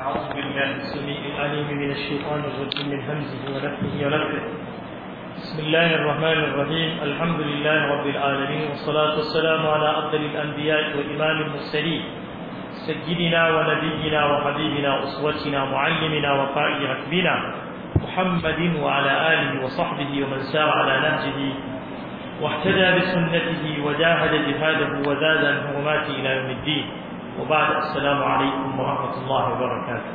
أعوذ بالله السميع العليم من الشيطان الرجيم من همزه بسم الله الرحمن الرحيم الحمد لله رب العالمين والصلاة والسلام على أفضل الأنبياء وإمام المرسلين سيدنا ونبينا وحبيبنا أسوتنا معلمنا وقائد ركبنا محمد وعلى آله وصحبه ومن سار على نهجه واهتدى بسنته وجاهد جهاده وزاد عن إلى يوم الدين وبعد السلام عليكم ورحمة الله وبركاته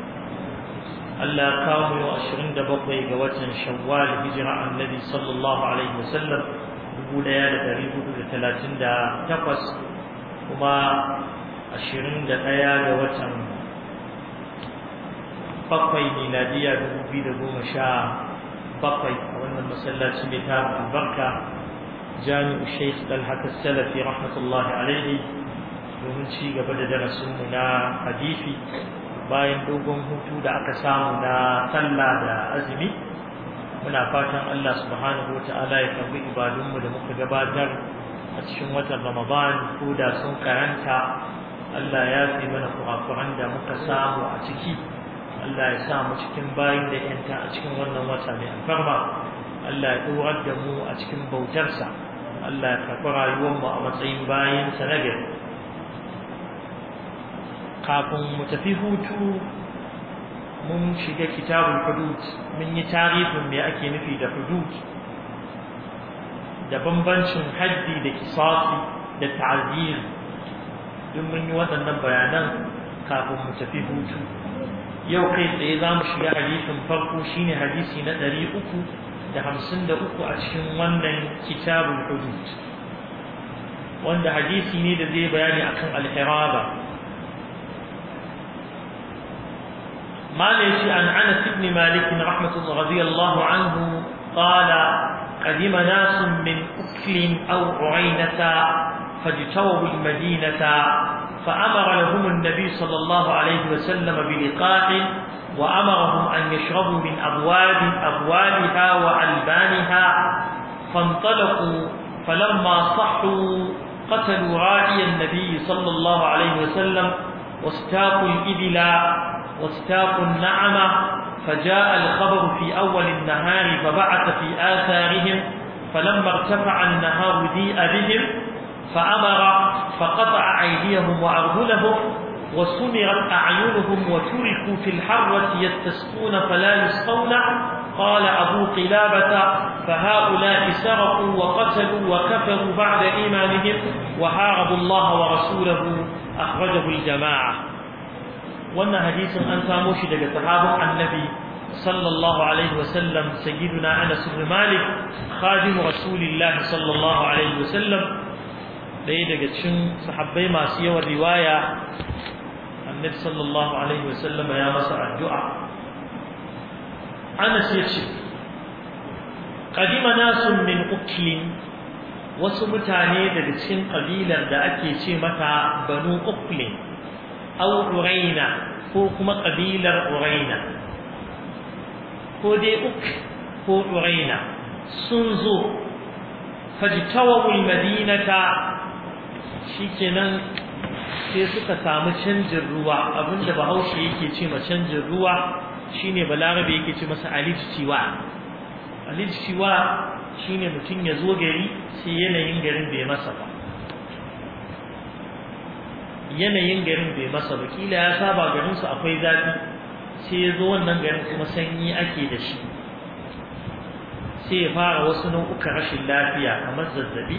ألا كامل وأشرين دبقي قوتا شوال هجرة النبي صلى الله عليه وسلم يقول يا لدريب ثلاثين دا تقص وما أشرين دا أيا قوتا بقي ميلادية دبوبي دبوما شاء بقي وأن المسلات سميتها البركة جامع الشيخ طلحة السلفي رحمة الله عليه domin ci gaba da darasinmu na hadisi bayan dogon hutu da aka samu na sallah da azumi muna fatan Allah subhanahu wata'ala ya karbi ibadunmu da muka gabatar a cikin watan Ramadan ko da sun karanta Allah ya fi mana kurakuran da muka samu a ciki Allah ya sa mu cikin bayin da yanta a cikin wannan wata mai alfarma Allah ya ɗorar da mu a cikin bautarsa Allah ya karɓi rayuwarmu a matsayin bayansa na gari kafin mu tafi hutu mun shiga kitabul hudud mun yi tarihin me ake nufi da hudud da bambancin haddi da kisafi da ta'zir duk mun yi waɗannan bayanan kafin mu tafi hutu yau kai tsaye za mu shiga hadisin farko shine hadisi na ɗari uku da hamsin da uku a cikin wannan kitabul hudud wanda hadisi ne da zai bayani akan alhiraba ما ليش عن انس بن مالك رحمه الله رضي الله عنه قال قدم ناس من اكل او عينه فاجتووا المدينه فامر لهم النبي صلى الله عليه وسلم بلقاء وامرهم ان يشربوا من ابواب ابوابها والبانها فانطلقوا فلما صحوا قتلوا راعي النبي صلى الله عليه وسلم واستاقوا الابل واستاق النعم فجاء الخبر في أول النهار فبعث في آثارهم فلما ارتفع النهار ذيء بهم فأمر فقطع أيديهم وأرجلهم وسمرت أعينهم وتركوا في الحرة يستسقون فلا يسقون قال أبو قلابة فهؤلاء سرقوا وقتلوا وكفروا بعد إيمانهم وحاربوا الله ورسوله أخرجه الجماعة wannan hadisin an samo shi daga sahabin annabi sallallahu alaihi wasallam sayyiduna anas ibn malik khadim rasulillahi sallallahu alaihi wasallam ɗaya daga cikin sahabbai masu yawan riwaya annabi sallallahu alaihi wasallam ya masa addu'a anas ya ce qadima nasun min uklin wasu mutane daga cikin kabilar da ake ce mata banu uklin aw uraina ko kuma ƙabilar uraina ko dai uk ko uraina sun zo fajtawawul madinata shikenan sai suka samu canjin ruwa abinda bahaushe yake ce ma canjin ruwa shine balarabe yake ce masa alijtiwa alijtiwa shine mutum ya zo gari sai yanayin garin bai masa ba yanayin garin bai masa ba kila ya saba garinsu akwai zafi sai ya zo wannan garin kuma sanyi ake da shi sai ya fara wasu nau'ukan rashin lafiya kamar zazzabi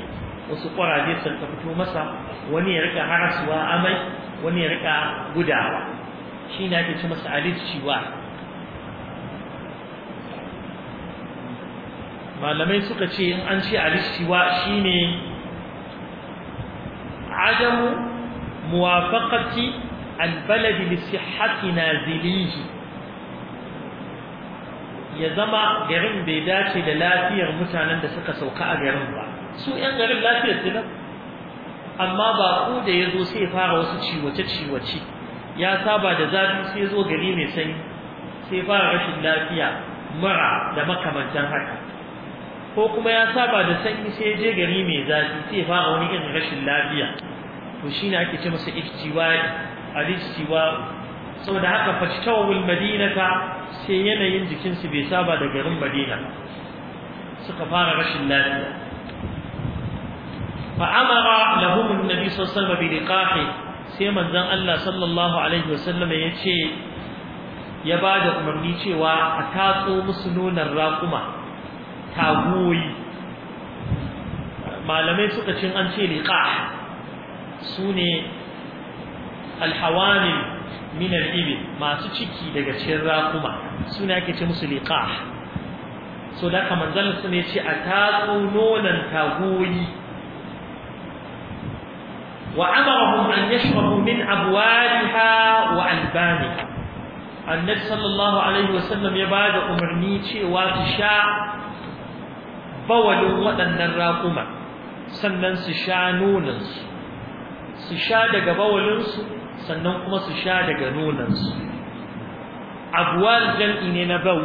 wasu ƙwaraje sun ta fito masa wani ya rika harasuwa amai wani ya rika gudawa shi na ake ce masa aliciwa malamai suka ce in an ce shi shine adamu muwafaqati al-balad li sihhati nazilihi ya zama garin bai dace da lafiyar mutanen da suka sauka a garin ba su yan garin lafiyar su nan amma ba ku da ya zo sai ya fara wasu ciwace-ciwace ya saba da zafi sai ya zo gari mai sanyi sai fara rashin lafiya mura da makamantan haka ko kuma ya saba da sanyi sai ya je gari mai zafi sai ya fara wani irin rashin lafiya to shine ake ce masa iftiwa'i al saboda haka fatatawul madinata sai yanayin jikinsu bai saba da garin madina suka fara rashin lafiya fa amara lahum annabi sallallahu alaihi wasallam bi sai manzon Allah sallallahu alaihi wasallam ya ce ya da umarni cewa a tatso musu nonon raƙuma tagoyi malamai suka cin an ce liqah sune alhawanin minar ibin masu ciki daga cikin rakuma sune ake ce musu liƙa. so da kamar zalla sune ce a tatsu nonan tagoyi wa amarahum an yashrabu min abwaliha wa albaniha annabi sallallahu alaihi wasallam ya bada umarni cewa su sha bawalin waɗannan raƙuma sannan su sha nonansu su sha daga bawalinsu sannan kuma su sha daga nonansu abuwal jam'i ne na bau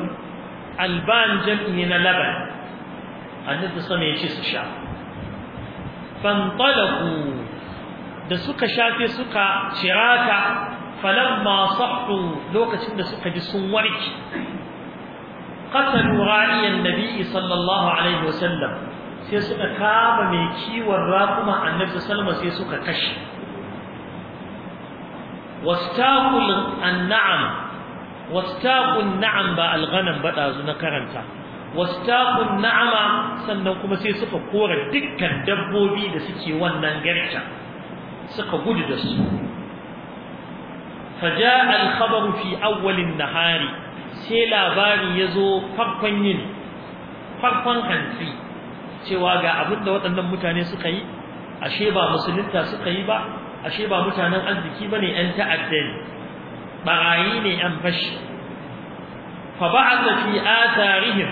alban jam'i ne na laban annabi sama ya ce su sha fantalaku da suka shafe suka cirata falamma sahhu lokacin da suka ji sun warke qatalu ra'iyan nabi sallallahu alaihi wasallam sai suka kama mai kiwon raƙuma annabi salma sai suka kashe wastaqul an'am na'am ba alghanam ba dazu na karanta wastaqun na'ama sannan kuma sai suka kora dukkan dabbobi da suke wannan garka suka gudu da su فجاء الخبر في أول النهار sai labari ya zo farkon yin farkon hantsi cewa ga abin da waɗannan mutane suka yi ashe ba musulunta suka yi ba ashe ba mutanen arziki ba ne 'yan ta'adda ne ɓarayi ne 'yan fashi fa ba a tafi a tarihin,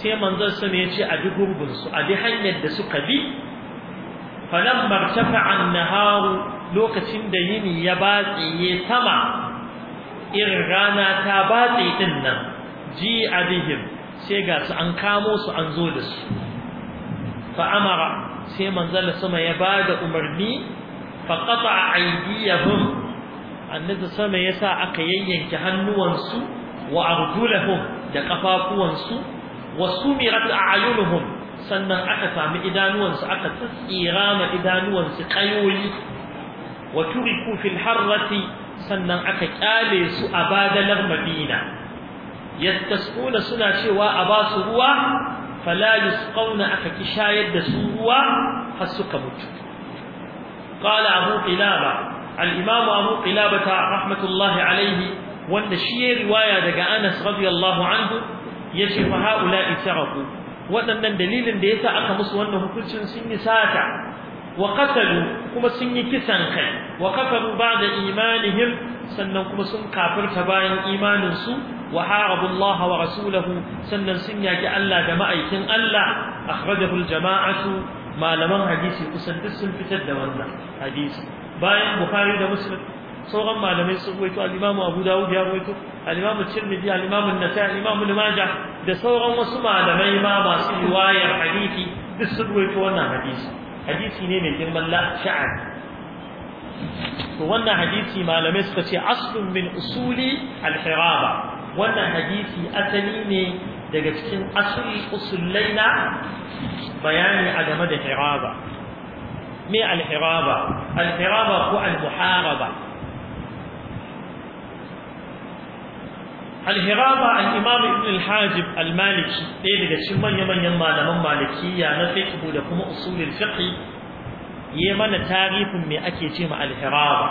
sai manzon su ne ya ce a bi gurgunsu a bi hanyar da suka bi falan martafa an-naharu lokacin da yini ya batse sama irin rana ta batse din nan ji adihim sai ga su an kamo su an zo da su فأمر سيمن ذل سما يباد أمرني فقطع أيديهم النبي سما يسا أقيين كهنوانسو وأرجلهم دقفافوانسو وسمرت أعينهم sannan aka sami idanuwansu aka tsira ma idanuwansu kayoyi wa turiku fil harrati sannan aka kyale su a badalar madina yastasuna suna cewa a ba su ruwa fala yusqawna aka ki shayar da su ruwa har suka mutu qala abu qilaba al-imam abu qilaba ta rahmatullahi alayhi wanda shi ya riwaya daga Anas radiyallahu anhu yace fa haula itaraku waɗannan dalilin da yasa aka musu wannan hukuncin sun yi sata wa qatalu kuma sun yi kisan kai wa kafaru ba'da imanihim sannan kuma sun kafirta bayan imanin su وحاربوا الله ورسوله سنن سنيا كألا جماعة ألا أخرجه الجماعة ما لمن حديثي قسن دسن في تد ونا حديثي بخاري ده مسلم sauran malamai sun ruwaito al-Imam Abu Dawud ya ruwaito al-Imam Tirmidhi al-Imam An-Nasa'i da sauran wasu malamai ma masu riwayar hadisi duk sun ruwaito wannan hadisi hadisi ne mai girman sha'an to wannan hadisi malamai suka ce aslun min usuli al wannan hadisi asali ne daga cikin asali usulai na bayani a game da hiraba me alhiraba alhiraba ko almuharaba alhiraba al-imam ibn al-hajib al-maliki ɗaya daga cikin manya-manyan malaman malikiya na fiqh da kuma usulul fiqh yi mana tarihin me ake ce ma alhiraba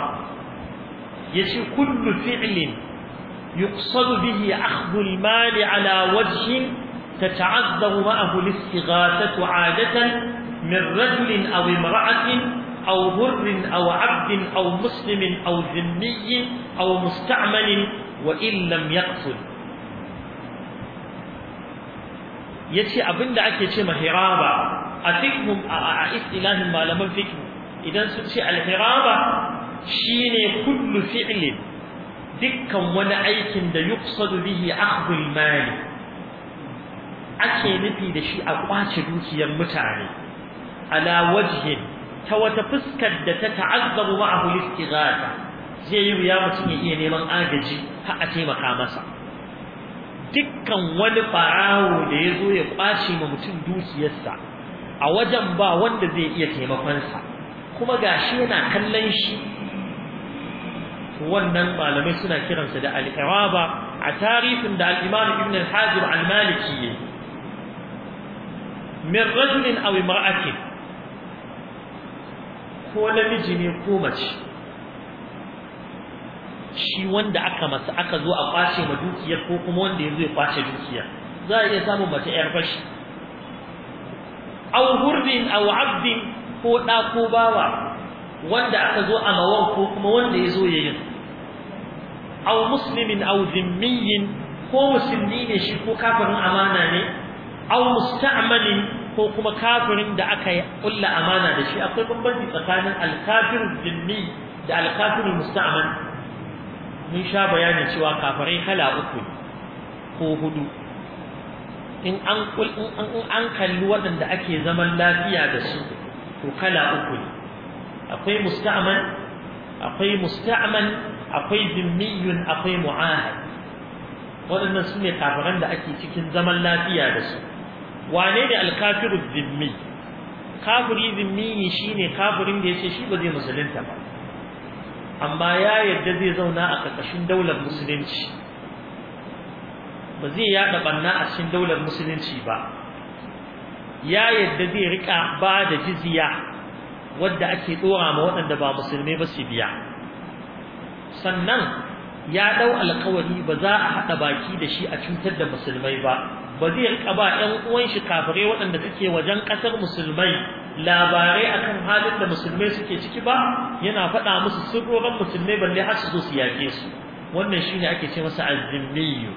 yace kullu fi'lin يقصد به أخذ المال على وجه تتعذر معه الاستغاثة عادة من رجل أو امرأة أو بر أو عبد أو مسلم أو ذمي أو مستعمل وإن لم يقصد يتي أبن da ake ce أتكهم a إله a istilahin فكر إذا idan sun ce كل فعل dukkan wani aikin da yuqsadu bihi akhdhul mali ake nufi da shi a kwace dukiyar mutane ala wajhi ta wata fuskar da ta ta'azzabu ma'ahu istighatha zai yi wuya mutum ya iya neman agaji har a taimaka masa dukkan wani barawo da ya zo ya kwace ma mutum dukiyarsa a wajen ba wanda zai iya taimakon sa, kuma gashi yana kallon shi wannan malamai suna kiransa da al-iraba a tarihin da al-imam ibn al-hajib al-maliki min rajulin aw imra'atin ko namiji ne ko mace shi wanda aka masa aka zo a kwace ma dukiyar ko kuma wanda ya zo ya kwace dukiya za a iya samun mace yar fashi aw hurrin aw abdin ko da ko bawa wanda aka zo a Mawar ko kuma wanda ya zo ya yi. Au muslimin au zimmiyin ko musulmi ne shi ko kafirin amana ne Au musta'malin ko kuma kafirin da aka kulla amana da shi akwai bambanci tsakanin al-kafir zimmi da al-kafir musta'mal mun sha bayani cewa kafirai kala uku ko hudu in an kalli waɗanda ake zaman lafiya da su to kala uku ne akwai musta'man akwai musta'man akwai zimmiyun akwai mu'ahad waɗannan sun ne kafiran da ake cikin zaman lafiya da su wane ne alkafiru zimmi kafiri zimmi shi ne kafirin da ya ce shi ba zai musulunta ba amma ya yarda zai zauna a ƙarƙashin daular musulunci ba zai yaɗa banna a cikin daular musulunci ba ya yarda zai riƙa ba da jizya wadda ake dora ma waɗanda ba musulmai ba su biya sannan ya dau alƙawari ba za a haɗa baki da shi a cutar da musulmai ba ba zai rika ba 'yan uwan shi kafare waɗanda suke wajen ƙasar musulmai labarai akan halin da musulmai suke ciki ba yana faɗa musu sirrorin musulmai balle har su zo su yaƙe su wannan shine ake ce masa azzimmiyu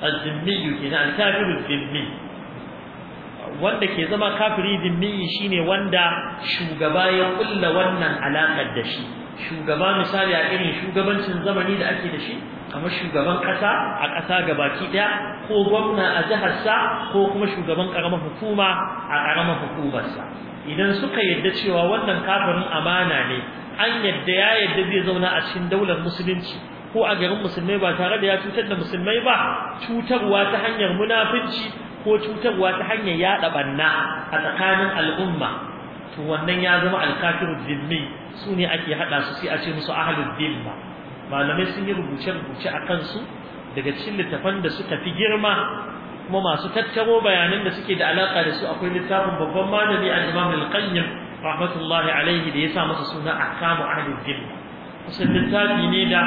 azzimmiyu kenan alkafirul zimmi wanda ke zama kafiri dimmi shine wanda shugaba ya kulla wannan alaƙa da shi shugaba misali a irin shugabancin zamani da ake da shi kamar shugaban kasa a kasa gabaki daya ko gwamna a sa ko kuma shugaban karamar hukuma a karamar hukumarsa idan suka yadda cewa wannan kafirin amana ne an yadda ya yadda zai zauna a cikin daular musulunci ko a garin musulmai ba tare da ya cutar da musulmai ba cutarwa ta hanyar munafunci ko cutarwa ta hanyar yaɗa ɓanna a tsakanin al'umma to wannan ya zama alkafiru zimmi su ne ake hada su sai a ce musu ahlul zimma malamai sun yi rubuce-rubuce a kansu daga cikin littafan da suka fi girma kuma masu tattaro bayanan da suke da alaka da su akwai littafin babban malami a imam al-qayyim rahmatullahi alaihi da ya sa masa suna ahkamu ahlul zimma kusan littafi ne da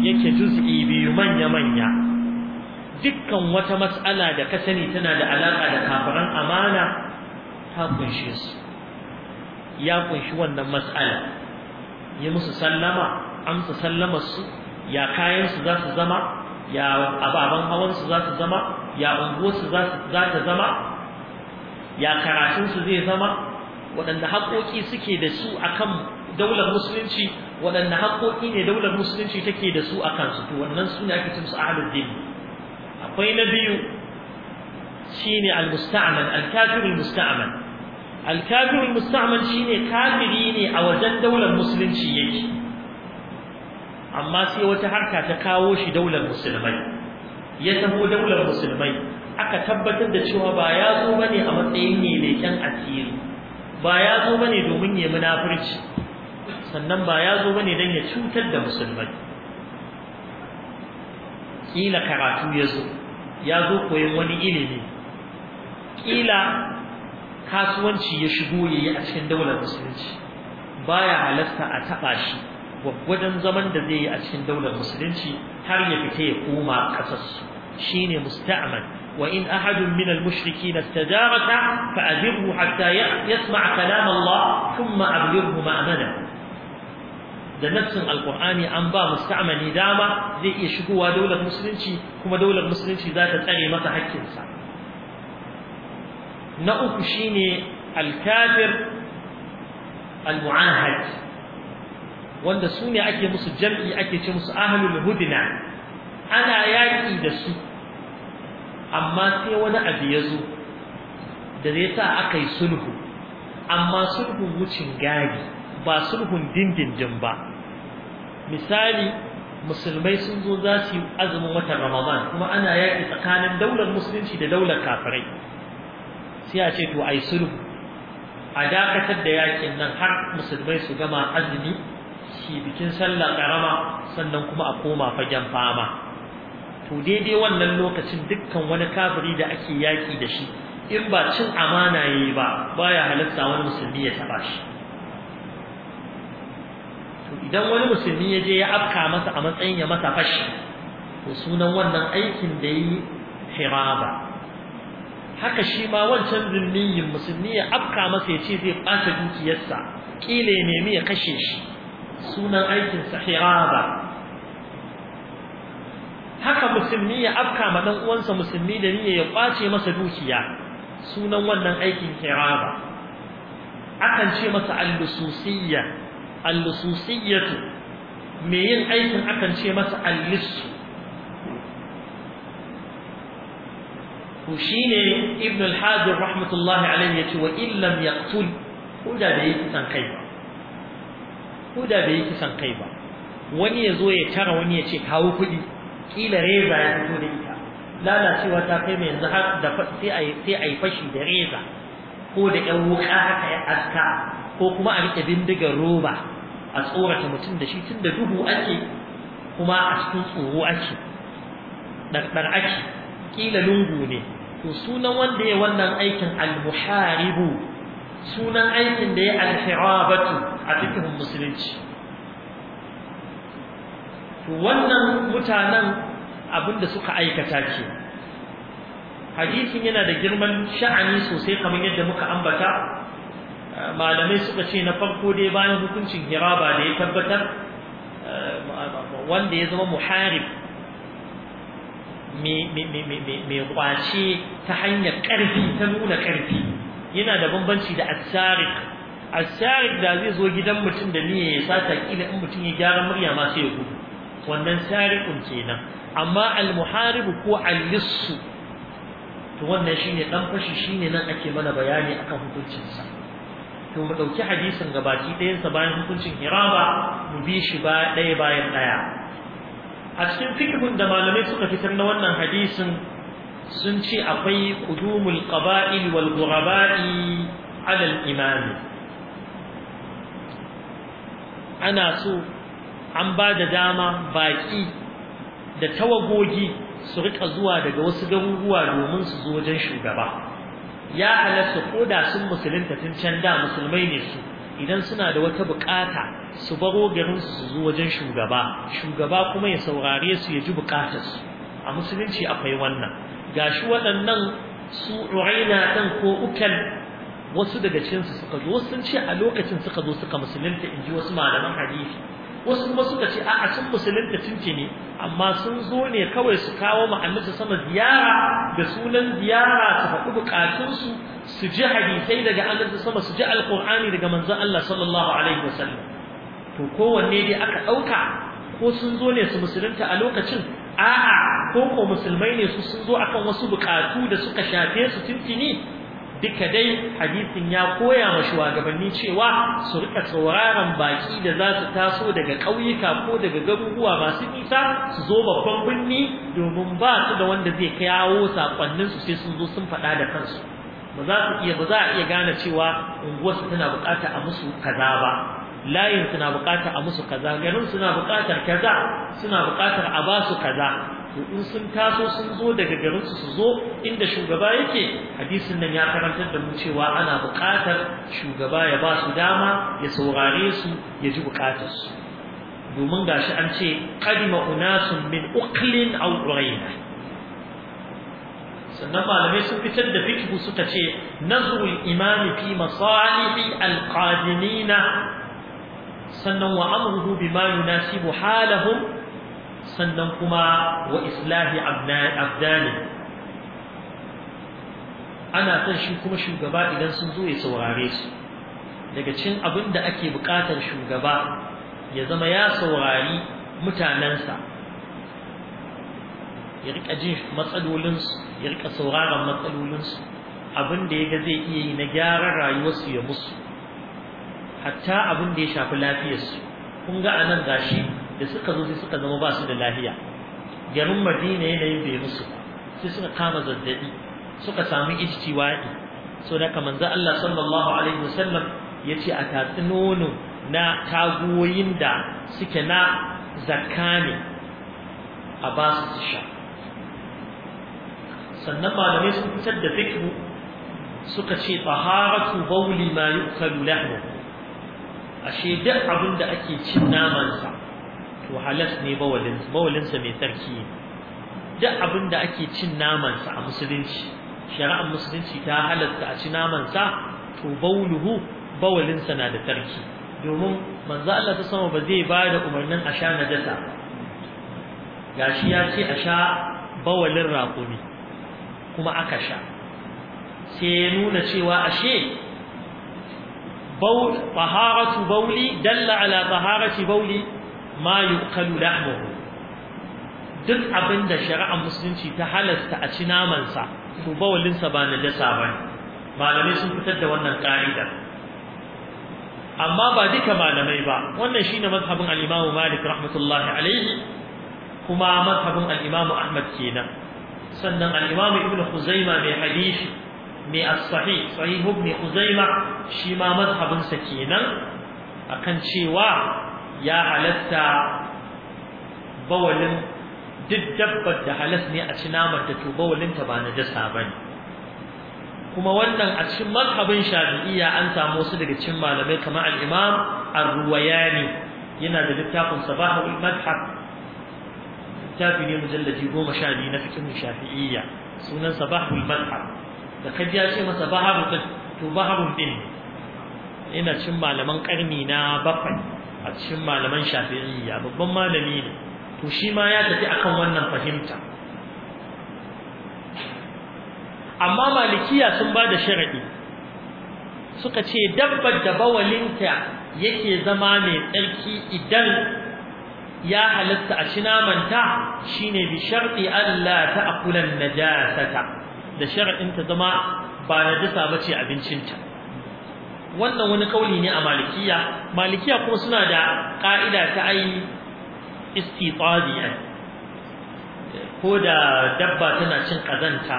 yake juz'i biyu manya-manya dukkan wata matsala da ka sani tana da alaƙa da kafiran amana ta kunshe su ya kunshi wannan matsala yi musu sallama amsa sallamar su ya kayan su za su zama ya ababen hawan su za su zama ya unguwarsu su za ta zama ya karatun su zai zama waɗanda haƙoƙi suke da su kan daular musulunci waɗanda haƙoƙi ne daular musulunci take da su a kansu to wannan su ne ake cin su ahlul din akwai na biyu shine al-musta'mal al-kafir al al-kafir shine kafiri ne a wajen daular musulunci yake amma sai wata harka ta kawo shi daular musulmai ya taho daular musulmai aka tabbatar da cewa ba ya zo ne a matsayin ne leken asiri ba ya zo ne domin ya munafurci sannan ba ya zo ne dan ya cutar da musulmai kila karatu ya zo ya zo koyon wani ilimi kila kasuwanci ya shigo yayi a cikin daular musulunci baya halasta a taba shi gwaggwadon zaman da zai yi a cikin daular musulunci har ya fita ya koma kasarsu shine musta'mal wa in ahadun min al-mushrikeen istajaraka fa ajirhu hatta yasma' kalam Allah thumma ablighu ma'mana da nassin alkur'ani an ba musta'mali dama zai iya shigowa daular musulunci kuma daular musulunci za ta tsare masa haƙƙinsa na uku shine alkafir almu'ahad wanda su ne ake musu jam'i ake ce musu ahlul hudna ana yaƙi da su amma sai wani abu ya zo da zai sa aka yi sulhu amma sulhun wucin gadi ba sulhun dindindin ba misali musulmai sun zo za su yi azumin watan ramadan kuma ana yaki tsakanin daular musulunci da daular kafirai sai a ce to ai sulhu a dakatar da yaƙin nan har musulmai su gama azumi shi bikin sallah karama sannan kuma a koma fagen fama to daidai wannan lokacin dukkan wani kafiri da ake yaƙi da shi in ba cin amana yayi ba baya halatta wani musulmi ya taɓa shi idan wani musulmi ya je ya afka masa a matsayin ya masa fashi to sunan wannan aikin da yi hiraba haka shi ma wancan zulmiyin musulmi ya afka masa ya ce zai ɓata dukiyarsa kila ya nemi ya kashe shi sunan aikin sa hiraba haka musulmi ya afka ma dan uwansa musulmi da niyya ya ƙwace masa dukiya sunan wannan aikin hiraba akan ce masa al-lususiyya al-lususiyyatu me yin aikin akan ce masa al-lissu shine ibn al-hajar rahmatullahi alayhi yace wa illam yaqtul ko da bai yi kisan kai ba ko da bai yi kisan kai ba wani ya zo ya tara wani ya ce kawo kuɗi kila reza ya fito da ita lalacewa ta kai mai yanzu har da sai a sai a fashi da reza ko da ƴan wuka haka ya aska ko kuma a riƙe bindigar roba a tsorata mutum da shi tun da duhu ake kuma a cikin tsoro ake ɗanɗan ake ƙila lungu ne to sunan wanda ya wannan aikin almuharibu sunan aikin da ya al-firabatu a cikin musulunci to wannan mutanen abinda suka aikata ce hadisin yana da girman sha'ani sosai kamar yadda muka ambata malamai suka ce na farko dai bayan hukuncin hiraba da ya tabbatar eh, wanda ya zama muharib mai kwace ta hanyar ƙarfi ta nuna ƙarfi yana da bambanci da asarik asarik da zai zo gidan mutum da niyya ya sata kila in mutum ya gyara murya ma sai ya gudu wannan sarikun kenan amma almuharibu ko allissu to wannan shine dan fashi shine nan ake mana bayani akan hukuncinsa to mu dauki hadisin gabaki ɗayan sa bayan hukuncin hiraba mu bi shi ba ɗaya bayan ɗaya a cikin fikihun da malamai suka fitar na wannan hadisin sun ce akwai qudumul qaba'il wal ghuraba'i ala al imami ana so an ba da dama baki da tawagogi su rika zuwa daga wasu garuruwa domin su zo wajen shugaba ya halatta da sun musulunta tun can da musulmai ne su idan suna da wata bukata su baro garin su zo wajen shugaba shugaba kuma ya saurare su ya ji bukatar su a musulunci akwai wannan gashi waɗannan su ruina ɗan ko ukal wasu daga cikin su suka zo sun ce a lokacin suka zo suka musulunta inji wasu malaman hadisi wasu kuma suka ce a'a sun musulunta ne amma sun zo ne kawai su kawo ma sama ziyara da sunan ziyara su faɗi bukatunsu su ji hadisai daga annabi sama su ji alqur'ani daga manzon Allah sallallahu alaihi wasallam to kowanne dai aka ɗauka ko sun zo ne su musulunta a lokacin a'a ko ko musulmai ne su sun zo akan wasu bukatu da suka shafe su tuntuni duka dai hadisin ya koya ma shugabanni cewa su rika sauraron baki da za su taso daga ƙauyuka ko daga garuruwa masu nisa su zo babban birni domin ba su da wanda zai kawo sakonnin su sai sun zo sun faɗa da kansu ba za su iya ba za a iya gane cewa unguwarsu tana bukata a musu kaza ba layin suna buƙatar a musu kaza garin suna buƙatar kaza suna buƙatar a ba su kaza to in sun taso sun zo daga garinsu su zo inda shugaba yake hadisin nan ya karantar da mu cewa ana buƙatar shugaba ya ba su dama ya saurare su ya ji su. domin gashi an ce qadima unasun min uqlin aw urayna sannan malamai sun fitar da fikihu suka ce nazrul imami fi masalihi alqadimina sannan wa amruhu bima yunasibu halahum sannan kuma wa islahi abdani ana son shi kuma shugaba idan sun zo ya saurare su daga cin abin da ake bukatar shugaba ya zama ya saurari mutanensa ya rika jin matsalolinsu ya rika sauraron matsalolinsu abin da ya ga zai iya yi na gyaran rayuwarsu ya musu hatta abin da ya shafi lafiyarsu kun ga anan gashi da suka zo sai suka zama ba su da lahiya. garin madina yanayin bai musu sai suka kama zazzabi suka samu ijtiwa'i so da kamar za Allah sallallahu alaihi wasallam ce, a tatsi nono na tagoyin da suke na zakka ne a ba su sha sannan malamai sun fitar da fikru suka ce taharatu bauli ma yukalu lahu ashe duk abin da ake cin namansa to halas ne bawalinsa bawalinsa mai tsarki duk abin da ake cin namansa a musulunci shari'ar musulunci ta halasta a ci namansa to bauluhu bawalinsa na da tsarki domin manzo Allah ta sama ba zai ba da umarnin a sha najasa gashi ya ce a sha bawalin raƙumi kuma aka sha sai ya nuna cewa ashe طهارة بولي دل ala طهارة بولي Mayu, yuqalu lahmuhu duk abin da shari'ar musulunci ta halasta a ci namansa to bawalinsa ba na dasa ba malamai sun fitar da wannan ka'ida amma ba duka malamai ba wannan shine mazhabin al-Imam Malik rahmatullahi alaihi kuma mazhabin al-Imam Ahmad kenan sannan al-Imam Ibn Khuzaimah mai hadisi mai as-sahih sahih Ibn Khuzaimah shi ma mazhabin sa kenan akan cewa ya halatta bawalin duk dabbar da halas ne a ci namar da to bawalinta ba na dasa ba ne kuma wannan a cikin mazhabin shafi'iyya an samu wasu daga cikin malamai kamar al-imam ar-ruwayani yana da littafin sabahul madhhab littafi ne mujallaji goma sha biyu na fikin shafi'iyya sunan sabahul madhhab da kaji ya ce masa baharun to baharun din ina cikin malaman karni na bakwai a cikin malaman shafi'iyya babban malami ne to shi ma ya tafi akan wannan fahimta amma malikiya sun ba da sharadi suka ce dabbar da bawalinta yake zama mai tsarki idan ya halitta a ci namanta shine bi sharti Allah ta akulan najasata da sharadin ta zama ba ba ce abincinta wannan wani kauli ne a malikiya malikiya kuma suna da ka'ida ta ai istitabi ko da dabba tana cin kazanta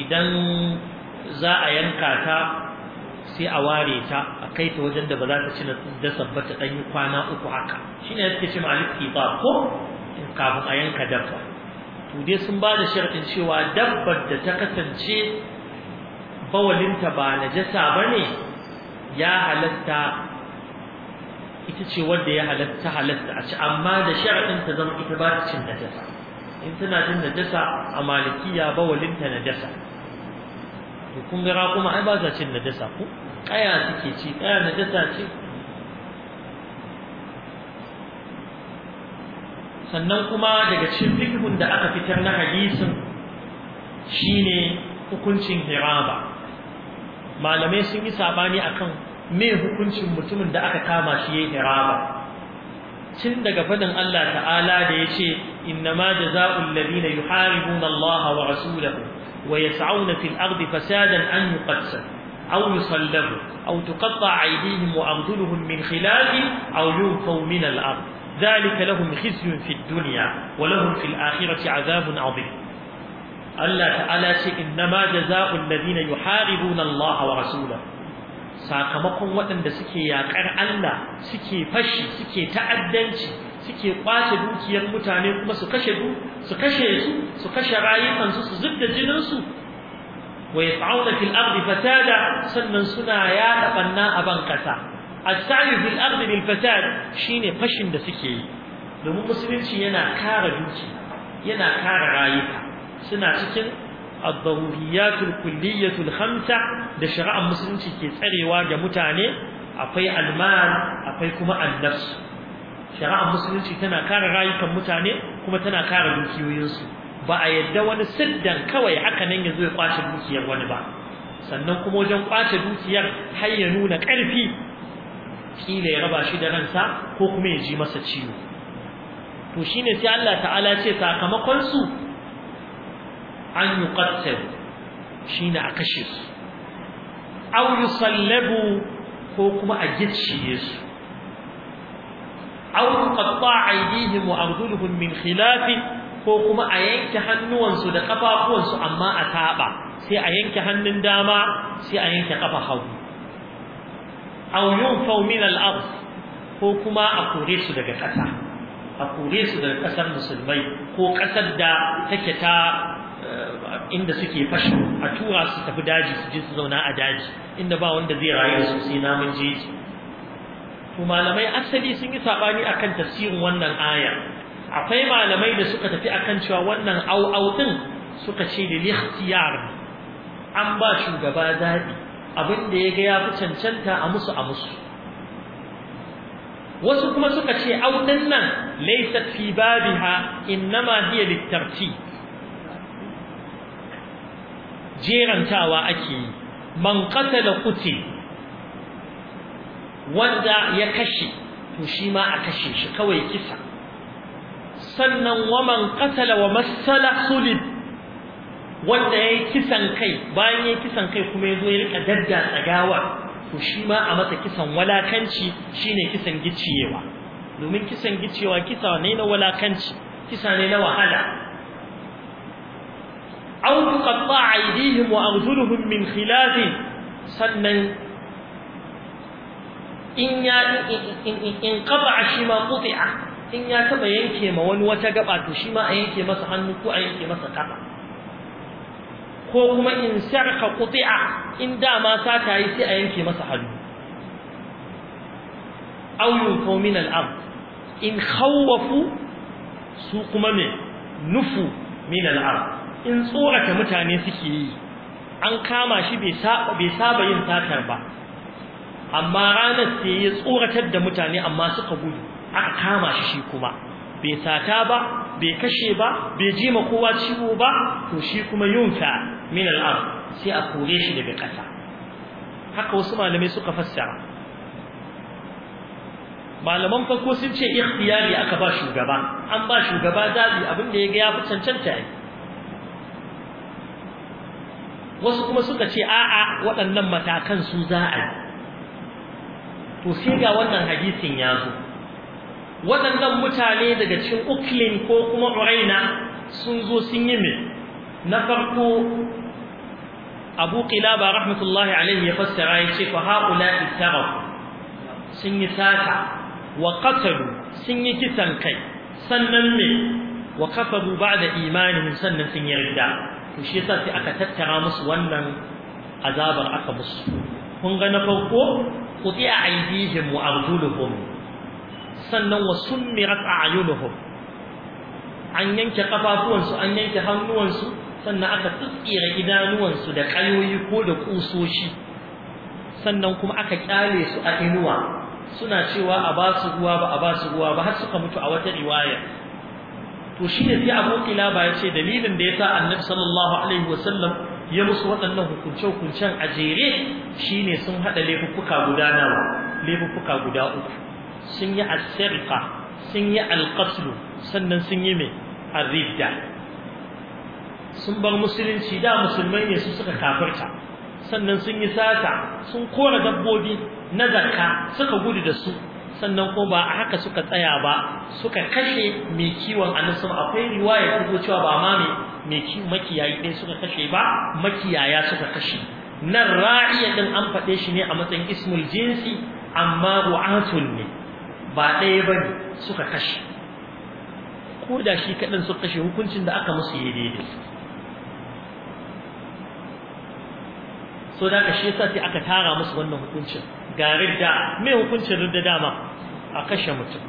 idan za a yanka ta sai a ware ta a kai ta wajen da ba za ta ci da sabbata ɗan yi kwana uku haka ne yake cewa al ba ko kafin a yanka dabba to dai sun ba da cewa dabbar da ta kasance bawalinta ba na ba bane ya halatta ita ce wanda ya halatta halatta a ci amma da sharaɗin ta zama ita ba ta cin najasa in tana cin najasa a malikiya ta najasa to kun ga kuma ai ba za cin najasa ko kaya suke ci kaya najasa ce sannan kuma daga cikin fikhun da aka fitar na hadisin shine hukuncin hiraba malamai sun yi sabani akan me hukuncin mutumin da aka kama shi yayin iraba tun daga fadin Allah ta'ala da yace innama jazaa'ul ladina yuharibuna Allah wa rasulahu wa yas'auna fil ardi fasadan an yuqassam aw yusallabu aw tuqatta' aydihim wa arjuluhum min khilaf aw yunfaw min al-ard ذلك لهم خزي في الدنيا ولهم في الآخرة عذاب عظيم Allah ta'ala ce innama jazaa'ul ladina yuharibuna Allah wa rasulahu sakamakon waɗanda suke yaƙar Allah suke fashi suke ta'addanci suke kwace dukiyar mutane kuma su kashe du su kashe su su kashe rayukansu su zubda jinin su wa yas'auna fil ardi fasada sannan suna yaɗa banna a ban kasa as-sa'i fil ardi bil fasad shine fashin da suke yi domin musulunci yana kare duki yana kare rayuka suna cikin ad kulliyyatul kulliyatul khamsa da shari'ar musulunci ke tsarewa ga mutane akwai almal akwai kuma annafs shari'ar musulunci tana kare rayukan mutane kuma tana kare dukiyoyinsu ba a yadda wani siddan kawai aka nan yazo ya kwace dukiyar wani ba sannan kuma wajen kwace dukiyar har ya nuna karfi kila ya raba shi da ransa ko kuma ya ji masa ciwo to shine sai Allah ta'ala ce sakamakonsu. an yuqattal shine a kashe su aw yusallabu ko kuma a gicciye su aw tuqatta aydihim wa arjuluhum min khilaf ko kuma a yanke hannuwansu da kafafuwansu amma a taba sai a yanke hannun dama sai a yanke kafa hagu aw yunfaw min al-ard ko kuma a kore su daga kasa a kore su daga kasar musulmai ko kasar da take ta inda suke fasho a tura su tafi daji su je su zauna a daji inda ba wanda zai rayu su sai namun jeji to malamai asali sun yi sabani akan tafsirin wannan aya akwai malamai da suka tafi akan cewa wannan au din suka ce da ikhtiyar an ba shugaba zabi abin da ya ga ya fi cancanta a musu a musu wasu kuma suka ce au din nan laysat fi babiha innama hiya litartib jerantawa ake yi man qatala qutil wanda ya kashe to shi ma a kashe shi kawai kisa sannan wa man qatala wa matsala sulib wanda yayi kisan kai bayan yayi kisan kai kuma yazo ya rika dadda tsagawa to shi ma a mata kisan walakanci shine kisan gicciyewa domin kisan gicciyewa kisa ne na walakanci kisa ne na wahala aw tuqatta aydihim wa arjuluhum min khilaf sannan in ya in qata shi ma quti'a in ya taba yanke ma wani wata gaba to shima a yanke masa hannu ko a yanke masa kafa ko kuma in sarka quti'a in dama sata yi sai a yanke masa hannu aw yunfu min al-ard in khawwafu su kuma ne nufu min al-ard in tsorata mutane suke yi an kama shi bai saba yin satar ba amma ranar sai ya tsoratar da mutane amma suka gudu aka kama shi shi kuma bai sata ba bai kashe ba bai ji kowa ciwo ba to shi kuma yunfa min al'ar sai a kore shi daga ƙasa haka wasu malamai suka fassara malaman farko sun ce ikhtiyari aka ba shugaba an ba shugaba zabi abin da ya ga ya fi cancanta yi wasu kuma suka ce a'a waɗannan matakan su za a to sai ga wannan hadisin ya zo waɗannan mutane daga cikin uklin ko kuma uraina sun zo sun yi mai na farko abu ba rahmatullahi alaihi ya fassara ya ce fa haula ittarafu sun yi sata wa qatalu sun yi kisan kai sannan me wa kafaru ba'da da sannan sun yi ridda to shi yasa sai aka tattara musu wannan azabar aka musu kun ga na farko quti'a aydihim wa arjuluhum sannan wa summirat a'yunuhum an yanke kafafuwansu an yanke hannuwansu sannan aka tsitsire idanuwansu da kayoyi ko da kusoshi sannan kuma aka kyale su a inuwa suna cewa a ba su ruwa ba a ba su ruwa ba har suka mutu a wata riwaya to shi ne sai abu ba ya ce dalilin da ya sa annabi sallallahu alaihi wasallam ya musu waɗannan hukunce-hukuncen a jere shi ne sun haɗa laifuka guda nawa laifuka guda uku sun yi asirka sun yi alƙaslu sannan sun yi mai arridda sun bar musulunci da musulmai ne su suka kafarta, sannan sun yi sata sun kora dabbobi na zakka suka gudu da su sannan ko ba a haka suka tsaya ba suka kashe mai kiwon annabi akwai riwaya ya zo cewa ba ma mai makiyayi ne suka kashe ba makiyaya suka kashe nan ra'iya din an faɗe shi ne a matsayin ismul jinsi amma ru'atun ne ba ɗaya ba ne suka kashe ko da shi kaɗan suka kashe hukuncin da aka musu yi daidai so da ka shi sa sai aka tara musu wannan hukuncin ga ridda me hukuncin ridda dama a kashe mutum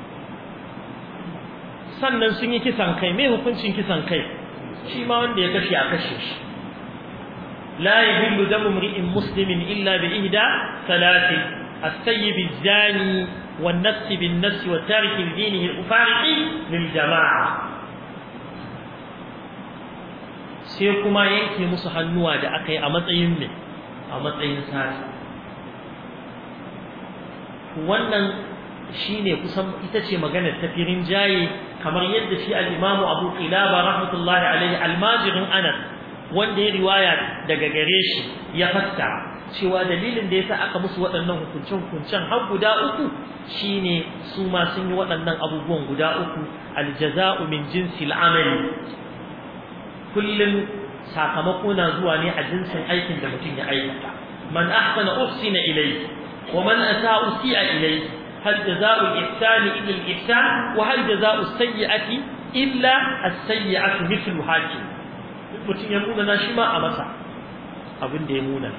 sannan sun yi kisan kai me hukuncin kisan kai shi ma wanda ya kashe a kashe shi la yahillu damu mri'in muslimin illa bi ihda salati as-sayyib az-zani والنفس بالنفس وتارك لدينه min jama'a. sai kuma yanke musu hannuwa da aka yi a matsayin ne a matsayin sata wannan ne kusan ita ce maganar ta firin jaye kamar yadda shi al'imamu imam Abu rahmatullahi alaihi almajirin anan, wanda ya riwaya daga gare shi ya fassara cewa dalilin da ya sa aka musu waɗannan hukuncin hukuncin har guda uku shine su ma sun yi waɗannan abubuwan guda uku aljaza'u min jinsi amali Kullum sakamako na zuwa ne a jinsin aikin da mutum ya aikata man ahsana na ilayhi ومن أساء سيء إليه هل جزاء الإحسان إلا الإحسان وهل جزاء السيئة إلا السيئة مثل هذه mutum ya nuna shi ma a masa abin da ya munana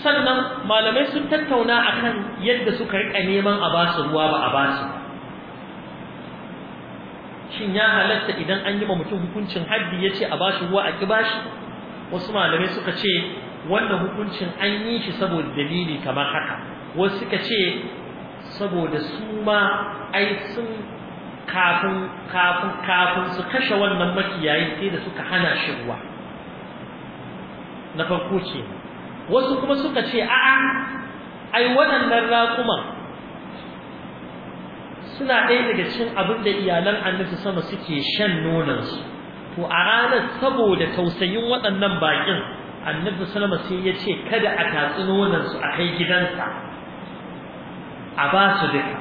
sannan malamai sun tattauna akan yadda suka rika neman a basu ruwa ba a basu shin ya halatta idan an yi ma mutum hukuncin haddi ya ce a bashi ruwa a ki bashi wasu malamai suka ce Wannan hukuncin an yi shi saboda dalili kamar haka wasu suka ce saboda su ma ai sun kafin kafin kafin su kashe wannan makiyayi sai da suka hana shi ruwa na farko ce wasu kuma suka ce a'a ai waɗannan raƙuman suna ɗaya daga cin abin da iyalan annabi sama suke shan nonansu to a ranar saboda tausayin waɗannan baƙin annabi sallama sai ya ce kada a tatsi su a kai gidansa a ba su duka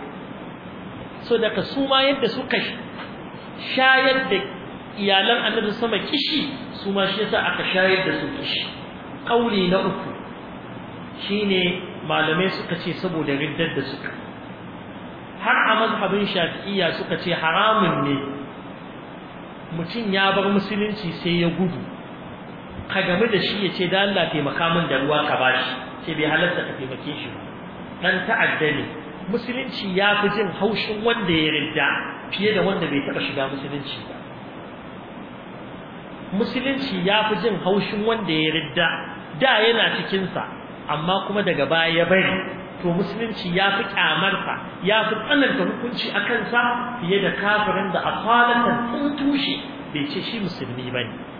so daga su ma yadda suka shayar da iyalan annabi sama kishi su ma shi yasa aka shayar da su kishi kauli na uku shine malamai suka ce saboda riddar da suka har a mazhabin shafi'iyya suka ce haramun ne mutum ya bar musulunci sai ya gudu ka game da shi yace ce da Allah taimaka min da ruwa ka bashi sai bai halarta ka taimake shi dan ta'adda ne musulunci ya fi jin haushin wanda ya ridda fiye da wanda bai taba shiga musulunci ba musulunci ya fi jin haushin wanda ya ridda da yana cikinsa amma kuma daga baya ya bari to musulunci ya fi kyamarsa ya fi tsananta hukunci a kansa fiye da kafirin da asalatan tun tushe bai ce shi musulmi bane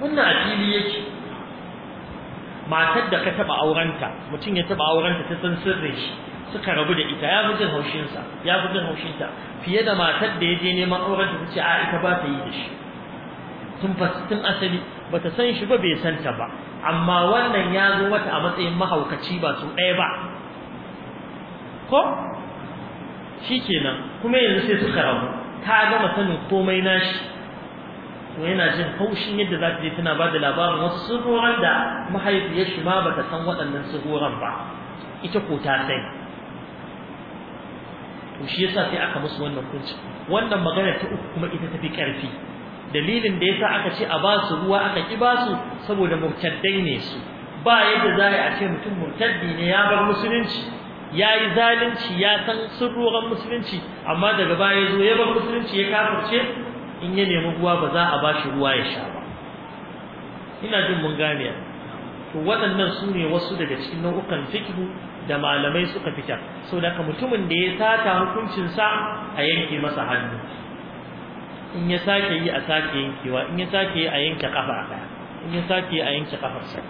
wannan a fili yake matar da ka taba aurenta mutum ya taba aurenta ta san sirri shi suka rabu da ita ya fi jin haushinsa ya fi jin haushinta fiye da matar da ya je neman aurenta ta ce a ita ba ta yi da shi tun tun asali ba ta san shi ba bai san ta ba amma wannan ya zo mata a matsayin mahaukaci ba su ɗaya ba ko shi kenan kuma yanzu sai suka rabu ta gama sanin komai nashi to yana jin haushin yadda za ta je tana ba da labarin wasu sirroran da mahaifiyar shi ma bata san waɗannan sirroran ba ita ko ta sai to shi yasa sai aka musu wannan kunci wannan magana ta uku kuma ita ta fi ƙarfi dalilin da yasa aka ce a ba su ruwa aka ki ba su saboda murtaddai ne su ba yadda za a ce mutum murtaddi ne ya bar musulunci ya yi zalunci ya san sirroran musulunci amma daga baya zo ya bar musulunci ya kafirce in ya nemi ruwa ba za a bashi ruwa ya sha ba ina jin mun gane to waɗannan su ne wasu daga cikin nau'ukan fikihu da malamai suka fitar sau da mutumin da ya sata hukuncinsa a yanke masa hannu in ya sake yi a sake yankewa in ya sake a yanke kafa ɗaya in ya sake a yanke kafarsa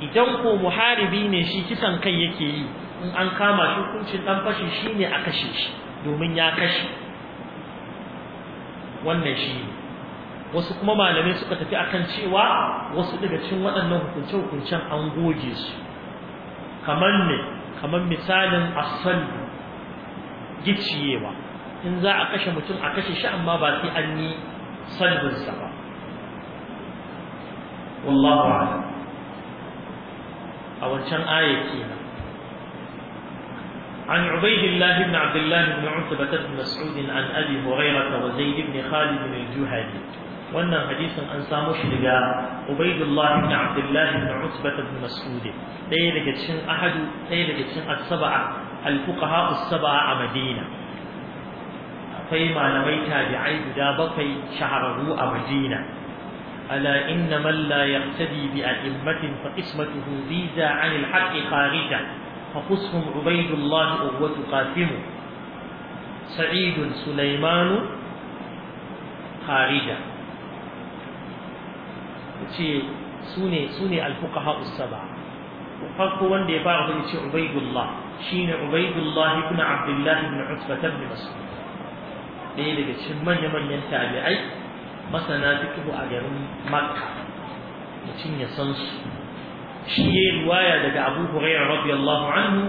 idan ko muharibi ne shi kisan kai yake yi in an kama shi hukuncin ɗan fashi shine a kashe shi domin ya kashe wannan shi wasu kuma malamai suka tafi akan cewa wasu daga cikin waɗannan hukunce hukuncen an goge su kamar ne kamar misalin asal gicciyewa in za a kashe mutum a kashe shi amma ba sai an yi salbinsa ba wallahu a'lam a wancan ayati na عن عبيد الله بن عبد الله بن عتبة بن مسعود عن أبي هريرة وزيد بن خالد بن الجهادي وأن حديث أنسى مشرقا عبيد الله بن عبد الله بن عتبة بن مسعود ليلك تشن أحد ليلك تشن السبعة الفقهاء السبعة مدينة فيما نميت بعيد عيد شعره شهره مدينة ألا إن من لا يقتدي بأئمة فقسمته بيزا عن الحق خارجاً فقصهم عبيد الله أوة قاسم سعيد سليمان خارجة شيء سوني سوني الفقهاء السبعة فقوان دي بعض شيء عبيد الله شين عبيد الله بن عبد الله بن عتبة بن مسعود دي لك شن من يمن ينتابعي مثلا ذكره أجر مكة شين يسنسو shi ya riwaya daga Abu Hurairah radiyallahu anhu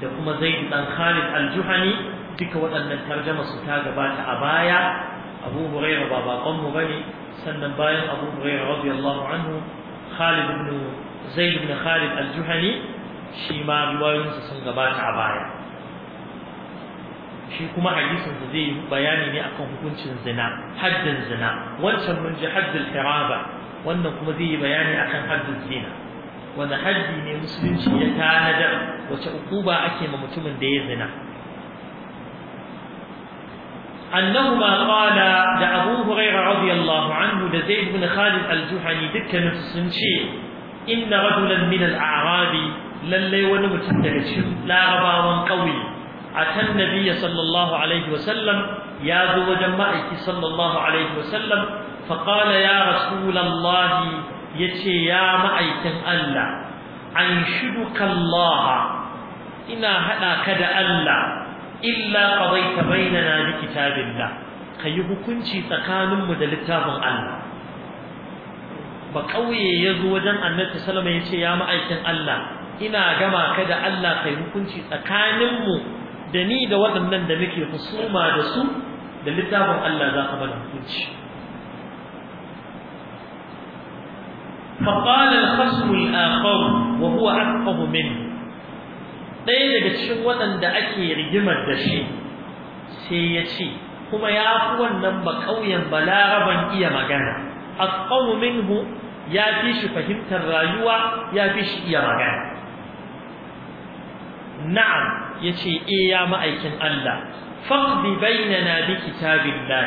da kuma Zaid dan Khalid al-Juhani duka waɗannan tarjama su ta gabata a baya Abu Hurairah ba bakon mu bane sannan bayan Abu Hurairah radiyallahu anhu Khalid ibn Zaid ibn Khalid al-Juhani shi ma riwayoyinsa sun gabata a baya shi kuma hadisin da zai bayani ne akan hukuncin zina haddin zina wancan mun ji haddul wannan kuma zai yi bayani akan haddin zina wani haddi ne musulunci ya tanadar wace ukuba ake ma mutumin da ya zina annahuma qala da Abu Hurairah radiyallahu anhu da Zaid ibn Khalid al-Juhani dukkan sun ce inna rajulan min al-a'rabi lalle wani mutum daga cikin larabawan ƙauye atan nabiyyi sallallahu alaihi wa sallam ya zo wajen ma'aiki sallallahu alaihi wa sallam fa qala ya rasulallahi yace ya ma'aikin Allah an Allah ina hada ka da Allah illa qadaita bainana bi kitabillah kai hukunci tsakanin mu da littafin Allah ba kauye yazo wajen Annabi sallallahu ya yace ya ma'aikin Allah ina gama ka da Allah kai hukunci tsakanin mu da ni da waɗannan da muke husuma da su da littafin Allah za ka bada hukunci فقال الخصم الآخر وهو أفقه منه ɗaya daga cikin waɗanda ake rigimar da shi sai ya ce kuma ya fi wannan ba ƙauyen balaraban iya magana afqahu minhu ya fi shi fahimtar rayuwa ya fi shi iya magana na'am yace eh ya ma'aikin Allah faqdi bainana bi kitabillah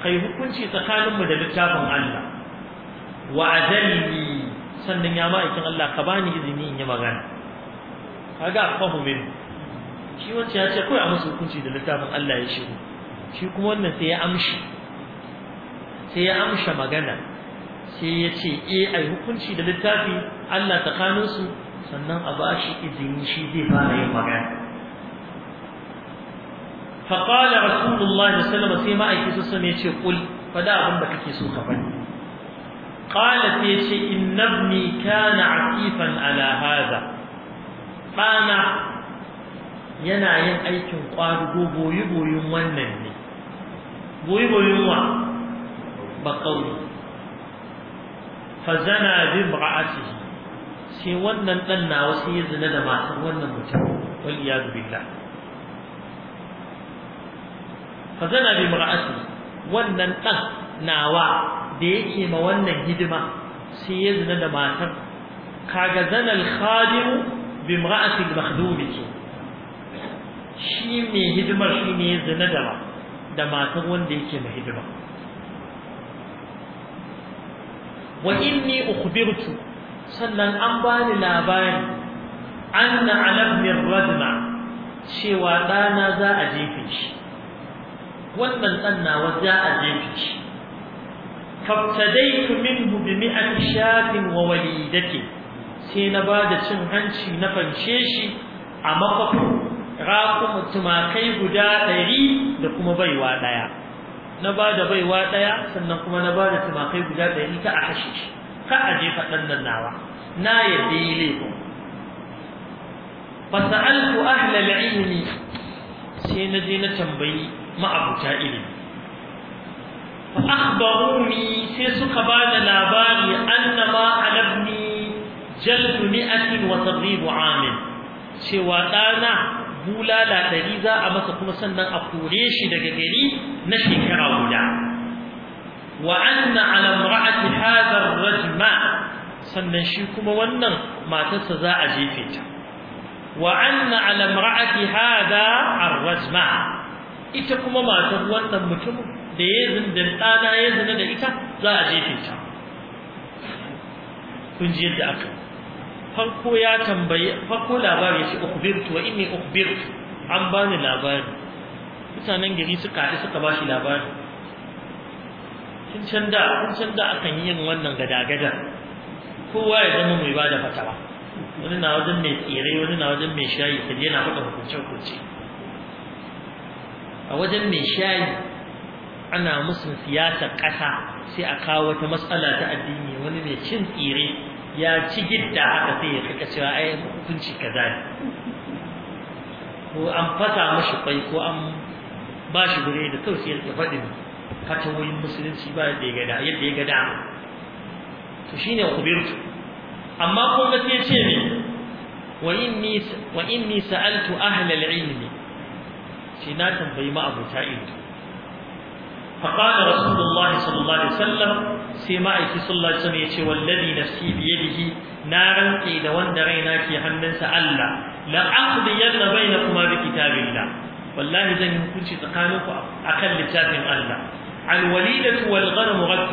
kai hukunci tsakaninmu da littafin Allah Wa wa'adalli sannan ya aikin Allah ka bani izini in yi magana kaga afahu min shi wacce ya ce kawai a musu hukunci da littafin Allah ya shigo shi kuma wannan sai ya amshi sai ya amsha magana sai ya ce eh ai hukunci da littafi Allah tsakanin su sannan a ba shi izini shi zai fara yin magana فقال رسول الله صلى الله عليه وسلم sai ma'aikin sun ya ce kul fada abin da kake so ka faɗi qala sai ce inna ibni kana atifan ala hadha yana yin aikin ƙwarugo goyi-goyin wannan ne goyi-goyin wa bakauri fazana bi ba'atihi sai wannan ɗan na wasu ya zina da masu wannan wannan ɗan nawa da yake ma wannan hidima sai ya zina da matar kaga zana al bi imra'ati al-makhdum shi mai hidimar shi ne ya zina da da matar wanda yake ma hidima wa inni ukhbirtu sannan an bani labari anna ala ibn radma cewa dana za a jefe shi wannan dan nawa za a jefe shi kaftadaitu minhu bi mi'ati shatin wa walidati sai na bada cin hanci na fanshe shi a makafu raku mutuma kai guda 100 da kuma baiwa daya na bada baiwa daya sannan kuma na bada mutuma kai guda 100 ka a kashe shi ka a jefa dannan nawa na yabe ile ku fasalku ahli sai na je na tambayi ma'abuta ilimi فأخبروني سيسك بعد لاباني أن ما علمني جلب مئة وتغريب عام شواتانا بولا لا تريزا أما سكما سنن أقوليش دقيقي نشي كراولا وأن على امرأة هذا الرجم sannan shi kuma wannan matarsa za a jefe ta wa anna ala imra'ati hada ar-rajma ita kuma matar wannan mutumin da ya zindin ɗana ya zina da ita za a jefe ta kun ji yadda aka farko ya tambayi farko labari ya ce ukubirtu wa inni ukubirtu an bani labari mutanen gari suka haɗu suka ba shi labari kun can da kun can da akan yin wannan gada-gada kowa ya zama mai bada fatawa wani na wajen mai tsere wani na wajen mai shayi kaje yana faɗa hukunce-hukunce a wajen mai shayi ana musu siyasar ƙasa sai a kawo wata matsala ta addini wani mai cin tsire ya ci gidda haka sai ya rika cewa ai hukunci kaza ne ko an fasa mashi kwai ko an ba shi gure da kawai sai ya faɗin fatawoyin musulunci ba da ya yadda ya ga dama to shine kubirtu amma ko gaskiya ce ne wa inni wa inni sa'altu ahlal ilmi shi na tambayi ma abuta ilmi فقال رسول الله صلى الله عليه وسلم سيما ايكي صلى الله عليه وسلم يتي والذي نفسي بيده نارا قيد وندرينا في حننس ألا لأقضين بينكما بكتاب الله والله زن كنت تقانوك أقل لتاب ألا الوليدة والغنم غد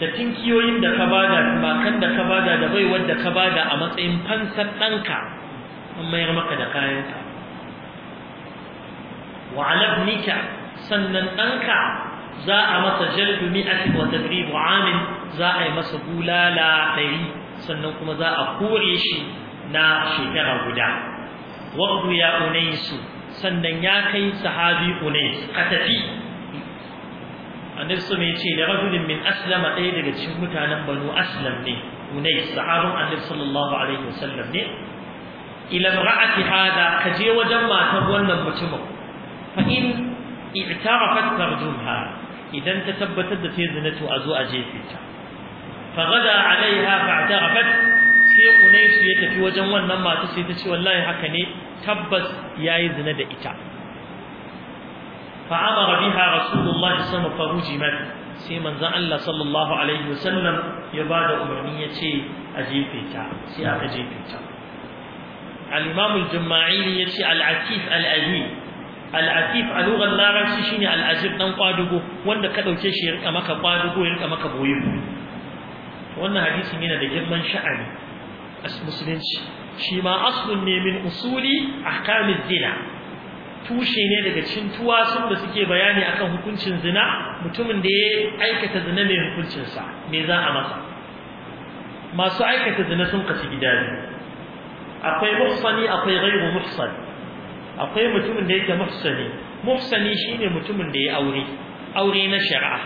da tinkiyoyin da ka bada bakan da ka bada da baiwar da ka bada a matsayin fansar ɗanka an mayar maka da kayanka وعلى ابنك سنن أنكع زاء مسا جلد مئة وتدريب عام زاء مسا بولالا تري سنن كما زاء قوريش نا شكرا غدا وقد يا أنيس سنن يا كي صحابي أنيس قتفي annabi sun ya ce rajulin min aslama ɗaya daga cikin mutanen banu aslam ne unai sahabin annabi sallallahu alaihi wasallam ne ila ra'ati hada ka je wajen matar wannan mutumin fa'in i'tarafat tarjumha idan ta tabbatar da sai zina to a zo a jefe ta faghada alaiha fa'tarafat sai kunaisu ya tafi wajen wannan mata sai ta ce wallahi haka ne tabbas yayi zina da ita fa'amara biha rasulullahi sallallahu alaihi wasallam farujimat sai manzon Allah sallallahu alaihi ya bada umarni ya ce a jefe ta sai aka jefe ta al-imam ya ce al'asif a lugar larabci shine al'asif dan kwadugo wanda ka dauke shi ya rika maka kwadugo ya rika maka boye wannan hadisin yana da girman sha'ani a musulunci shi ma aslun ne min usuli ahkamiz zina tushe ne daga cintuwa tuwasun da suke bayani akan hukuncin zina mutumin da ya aikata zina mai hukuncin sa me za a masa masu aikata zina sun kasu gida biyu akwai muhsani akwai ghairu muhsani akwai mutumin da yake muhsani muhsani shine mutumin da ya aure aure na shari'a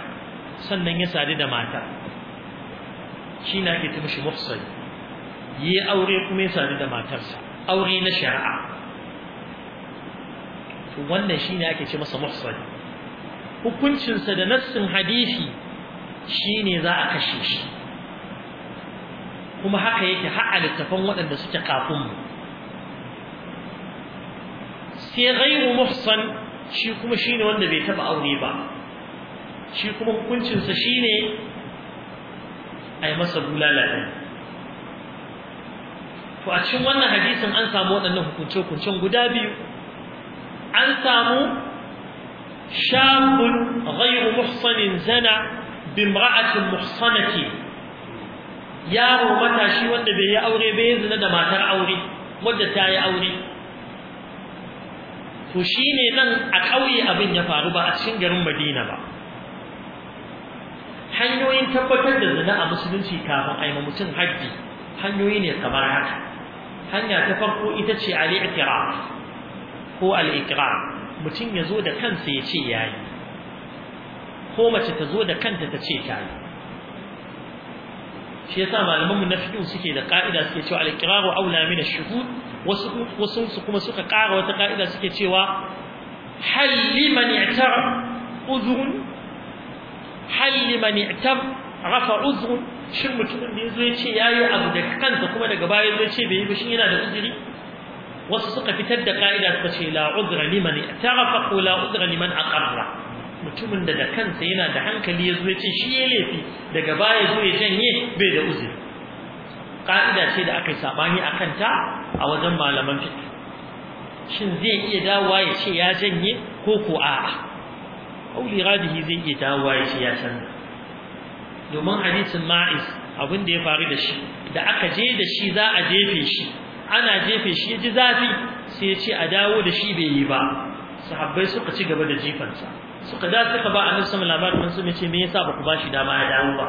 sannan ya sadu da mata shi na ake mishi muhsani yi aure kuma ya sadu da matarsa aure na shari'a to wannan shine ake ce masa muhsani hukuncinsa da nassin hadisi shine za a kashe shi kuma haka yake har a littafan waɗanda suke kafin mu sai ghairu muhsan shi kuma ne wanda bai taba aure ba shi kuma hukuncin sa shine ai masa bulala to a cikin wannan hadisin an samu waɗannan hukuncin guda biyu an samu shagun ghairu muhsanin zana bimra'atin muhsanati yaro matashi wanda bai yi aure bai zina da matar aure wadda ta yi aure to shine nan a ƙauye abin ya faru ba a cikin garin Madina ba hanyoyin tabbatar da zina a musulunci kafin a yi mutum hajji, hanyoyi ne kamar haka hanya ta farko ita ce al-iqrar ko al mutum ya zo da kansa ya ce yi, ko mace ta zo da kanta ta ce ta yi shi yasa malaman mu na fiqh suke da ƙa'ida suke cewa al-iqraru aula min ash-shuhud wasu su kuma suka ƙara wata ƙa'ida suke cewa halli man i'tar uzrun halli man i'tar rafa uzrun shin mutumin da yazo yace yayi abu da kansa kuma daga baya yazo yace bai yi ba shi yana da uzuri wasu suka fitar da ka'ida suka ce la uzra liman i'tarafa ko la uzra liman aqarra mutumin da da kansa yana da hankali yazo yace shi ya laifi daga baya yazo ya janye bai da uzuri ka'ida ce da aka yi sabani akan ta a wajen malaman fiqh shin zai iya dawowa ya ce ya janye ko ko a'a auli radihi zai iya dawowa ya ce ya canza domin hadisin ma'is abin da ya faru da shi da aka je da shi za a jefe shi ana jefe shi ya ji zafi sai ya ce a dawo da shi bai yi ba sahabbai suka ci gaba da jifansa suka da suka ba a sallallahu alaihi wasallam labarin sun ce me yasa ba ku ba shi dama ya dawo ba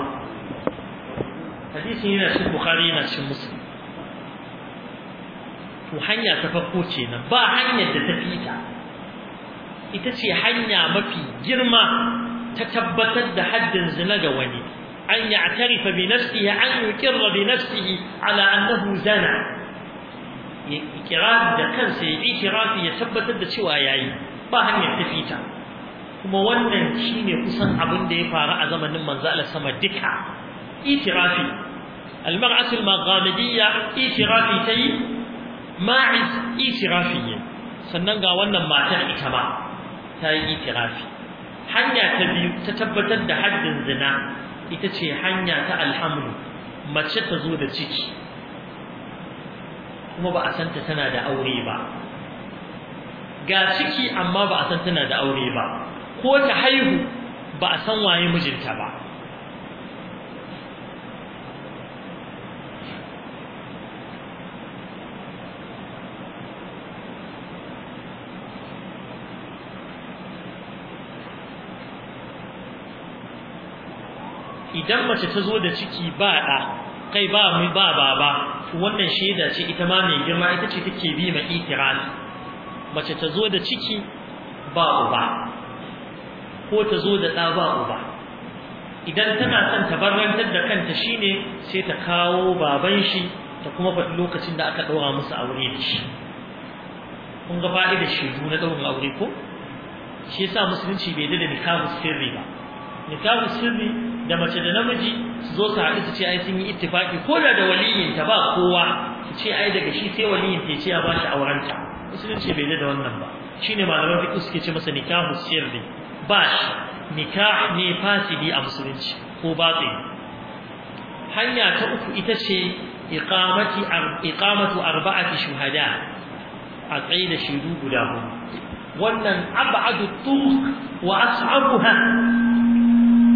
hadisin yana cikin bukhari yana cikin muslim to hanya ta farko ce nan ba hanyar da ta fita ita ce hanya mafi girma ta tabbatar da haddin zina ga wani an ya'tarifa bi nafsihi an yuqirra bi nafsihi ala annahu zana ya ikirar da kansa ya ikirafi ya tabbatar da cewa yayi ba hanyar ta fita kuma wannan shine kusan abin da ya faru a zamanin manzo Allah sama duka ikirafi al-mar'atu al-maghamidiyya ikirafi tayi ma'is itirafi ne sannan ga wannan matar ita ma ta yi itirafi hanya ta biyu ta tabbatar da haddin zina ita ce hanya ta alhamdu mace ta zo da ciki kuma ba a san ta tana da aure ba ga ciki amma ba a san tana da aure ba ko ta haihu ba a san waye mijinta ba idan mace ta zo da ciki ba da kai ba mu ba baba to wannan shaida ce ita ma mai girma ita ce take bi ma itiraf mace ta zo da ciki ba uba ko ta zo da ɗa ba uba idan tana son ta barrantar da kanta shine sai ta kawo baban shi ta kuma faɗi lokacin da aka ɗaura musu aure da shi kun ga fa'idar shaidu na ɗaurin aure ko shi yasa musulunci bai da nikahu sirri ba nikahu sirri da mace da namiji su zo su haɗu su ce ai sun yi ittifaki ko da da waliyin ta ba kowa su ce ai daga shi sai waliyin ta ce ya ba shi auren ta musulunci bai da wannan ba shine malaman fiqh suke ce masa nikahu sirri ba shi nikah ne fasidi a musulunci ko batsi hanya ta uku ita ce iqamati iqamatu arba'ati shuhada a tsaye da guda hudu wannan ab'adu tuk wa as'abuha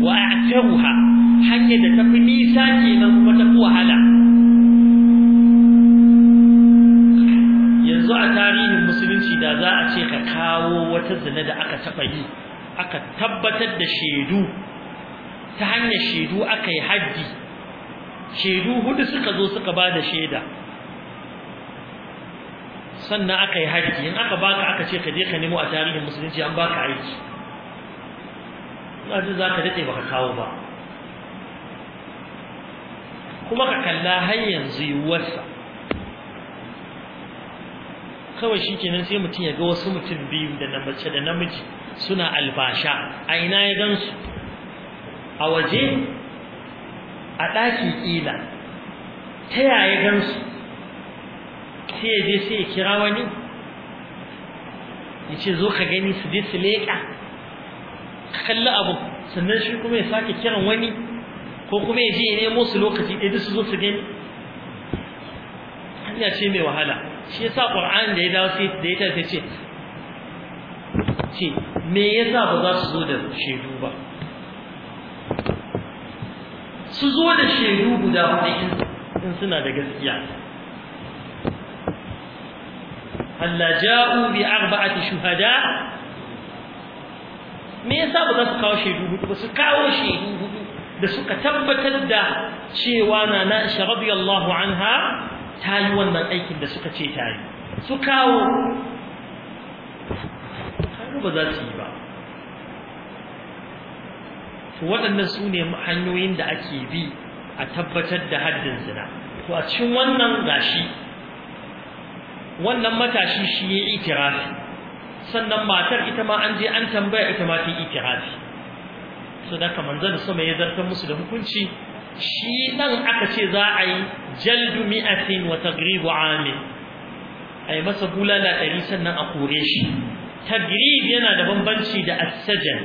wa a'taruha hanyar da tafi nisa kenan kuma tafi wahala yanzu a tarihin musulunci da za a ce ka kawo wata zina da aka taɓa yi aka tabbatar da shaidu ta hanyar shaidu aka yi haddi shaidu hudu suka zo suka ba da shaida sannan aka yi haddi in aka baka aka ce ka je ka nemo a tarihin musulunci an baka aiki aji za ka daɗe ka kawo ba kuma ka kalla hanyar zuwarsa kawai shi kenan sai mutum ya ga wasu mutum biyu da na mace da namiji suna albasha a ina ya gansu a waje a ɗakin ƙila ta yaya gansu sai ya je sai ya kira wani ya ce zo ka gani su je su leƙa kalli abu sannan shi kuma ya sake kiran wani ko kuma ya je ya nemo su lokaci ɗaya su zo su gani hanya ce mai wahala shi sa qur'ani da ya dawo sai da ya tafi ce ce me yasa ba za su zo da shaidu ba su zo da shaidu guda hudu in suna da gaskiya Allah ja'u bi arba'ati shuhada me yasa ba za su kawo shaidu hudu ba su kawo shaidu hudu da suka tabbatar da cewa na na isha radiyallahu anha ta yi wannan aikin da suka ce ta yi su kawo kawo ba za su yi ba to waɗannan su ne hanyoyin da ake bi a tabbatar da haddin zina to a cikin wannan gashi wannan matashi shi ya yi itirafi sannan matar ita ma an je an tambaya ita ma ta yi ikirafi so da ka manzon sama ya zartar musu da hukunci shi nan aka ce za a yi jaldu mi'atin wa tagribu amin ai masa bulala ɗari sannan a kore shi tagrib yana da bambanci da asajan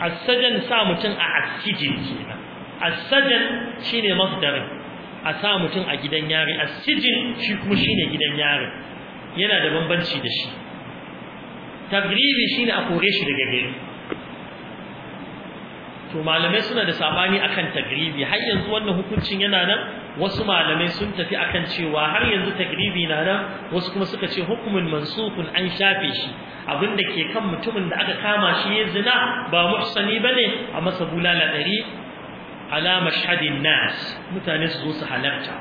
asajan sa mutum a asijin kenan asajan shine masdarin a sa mutum a gidan yari asijin shi kuma shine gidan yari yana da bambanci da shi tagribi shine a kore shi daga gari to malamai suna da sabani akan tagribi har yanzu wannan hukuncin yana nan wasu malamai sun tafi akan cewa har yanzu tagribi na nan wasu kuma suka ce hukumin mansukun an shafe shi abinda ke kan mutumin da aka kama shi ya zina ba muhsani bane a masa bulala ɗari ala mashhadin nas mutane su zo su halarta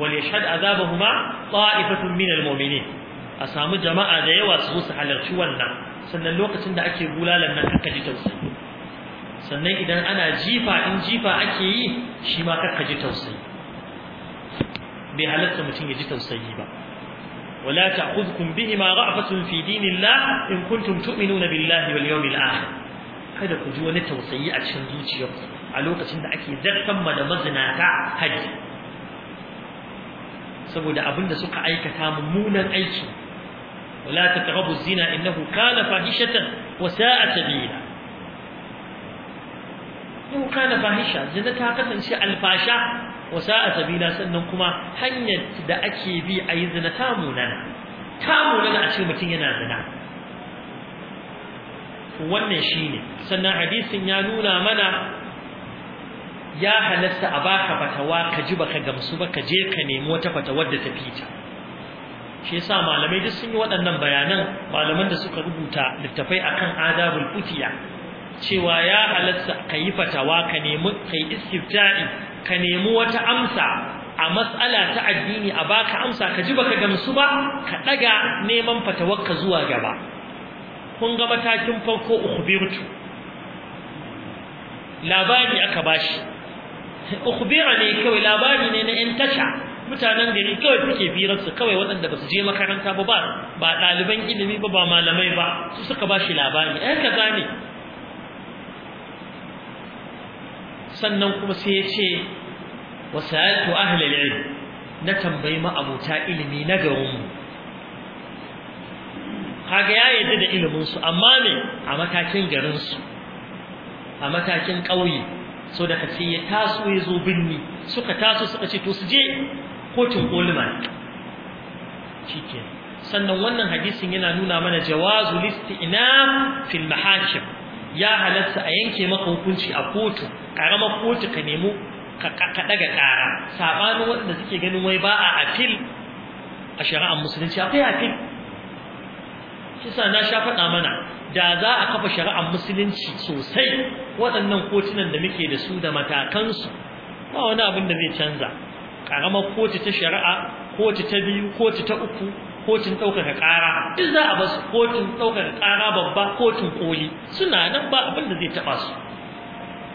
wal yashhad azabahuma ta'ifatun al mu'minin a samu jama'a da yawa su halarci wannan sannan lokacin da ake bulalan nan aka ji tausayi sannan idan ana jifa in jifa ake yi shi ma karka ji tausayi bai halatta mutum ya ji tausayi ba wala ta'khudhukum bihima ra'fatun fi dinillah in kuntum tu'minuna billahi wal yawmil akhir kada ku ji wani tausayi a cikin zuciyarku a lokacin da ake zartan ma da mazinata haji saboda abinda suka aikata mummunan aiki ولا تقربوا الزنا انه كان فاحشه وساء سبيلا in kana fahisha zina ta kasance alfasha wa sa'a sabila sannan kuma hanyar da ake bi a yi zina ta munana ta munana a ce mutum yana zina wannan shi ne sannan hadisin ya nuna mana ya halasta a baka fatawa ka ji baka gamsu ba ka je ka nemi wata fatawar da ta fita shi yasa malamai duk sun yi waɗannan bayanan malaman da suka rubuta littafai akan adabul futiya cewa ya halatta ka yi fatawa ka nemi kai istifta'i ka nemi wata amsa a mas'ala ta addini a baka amsa ka ji baka gamsu ba ka daga neman fatawar ka zuwa gaba kun ga matakin farko ukhbirtu labari aka bashi ukhbira ne kawai labari ne na yan tasha mutanen gari kawai suke su kawai waɗanda ba su je makaranta ba ba ba ɗaliban ilimi ba ba malamai ba su suka ba labari ai kaza ne sannan kuma sai ya ce wa ahli al ilm na tambayi ma abuta ilimi na garin mu kaga ya yadda da ilimin su amma ne a matakin garin su a matakin ƙauye so da kace ya taso ya zo binni suka taso suka ce to su je kotun ulman cikin, sannan wannan hadisin yana nuna mana jawazu listi'na fil mahakim ya halatta a yanke maka hukunci a kotu karamar kotu ka nemo ka daga kara sabanin wanda suke ganin wai ba a afil a shari'ar musulunci akwai afil kisa na sha faɗa mana da za a kafa shari'ar musulunci sosai waɗannan kotunan da muke da su da matakansu ba wani abin da zai canza karamar kotu ta shari'a kotu ta biyu kotu ta uku kotun ɗaukaka ƙara duk za a ba su kotun ɗaukaka ƙara babba kotun koli suna nan ba abin da zai taɓa su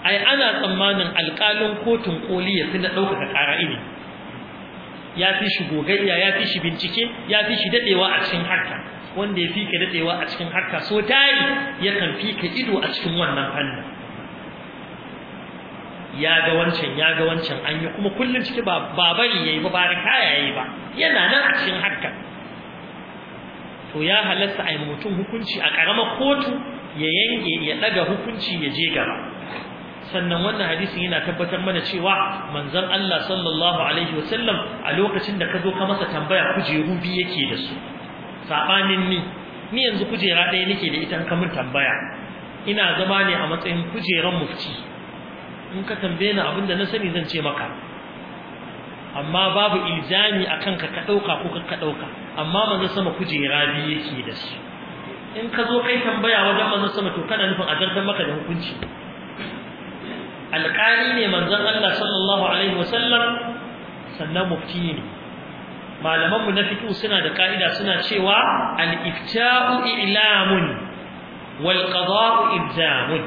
ai ana tsammanin alƙalin kotun koli ya fi na ɗaukaka kara ne ya fi shi gogayya ya fi shi bincike ya fi shi daɗewa a cikin harka wanda ya fi ka daɗewa a cikin harka so tayi kan fi ka ido a cikin wannan fannin ya ga wancan ya ga wancan an yi kuma kullum ciki ba bari yayi ba ba kaya yayi ba yana nan a cikin hakka to ya halasta a yi mutum hukunci a karamar kotu ya yanke ya ɗaga hukunci ya je gaba sannan wannan hadisin yana tabbatar mana cewa manzon Allah sallallahu alaihi wasallam a lokacin da ka zo ka masa tambaya kujeru biyu yake da su sabanin ni ni yanzu kujera ɗaya nake da ita an tambaya ina zama ne a matsayin kujeran mufti in ka tambaye ni abinda na sani zan ce maka amma babu ilzami akan ka ka dauka ko ka dauka amma manzo sama kujera biyu yake da in ka zo kai tambaya wajen manzo sama to kana nufin a zartar maka da hukunci alƙali ne manzon Allah sallallahu alaihi wasallam sannan mufti ne malaman mu na fiqh suna da ka'ida suna cewa al-ifta'u i'lamun wal qada'u ibzamun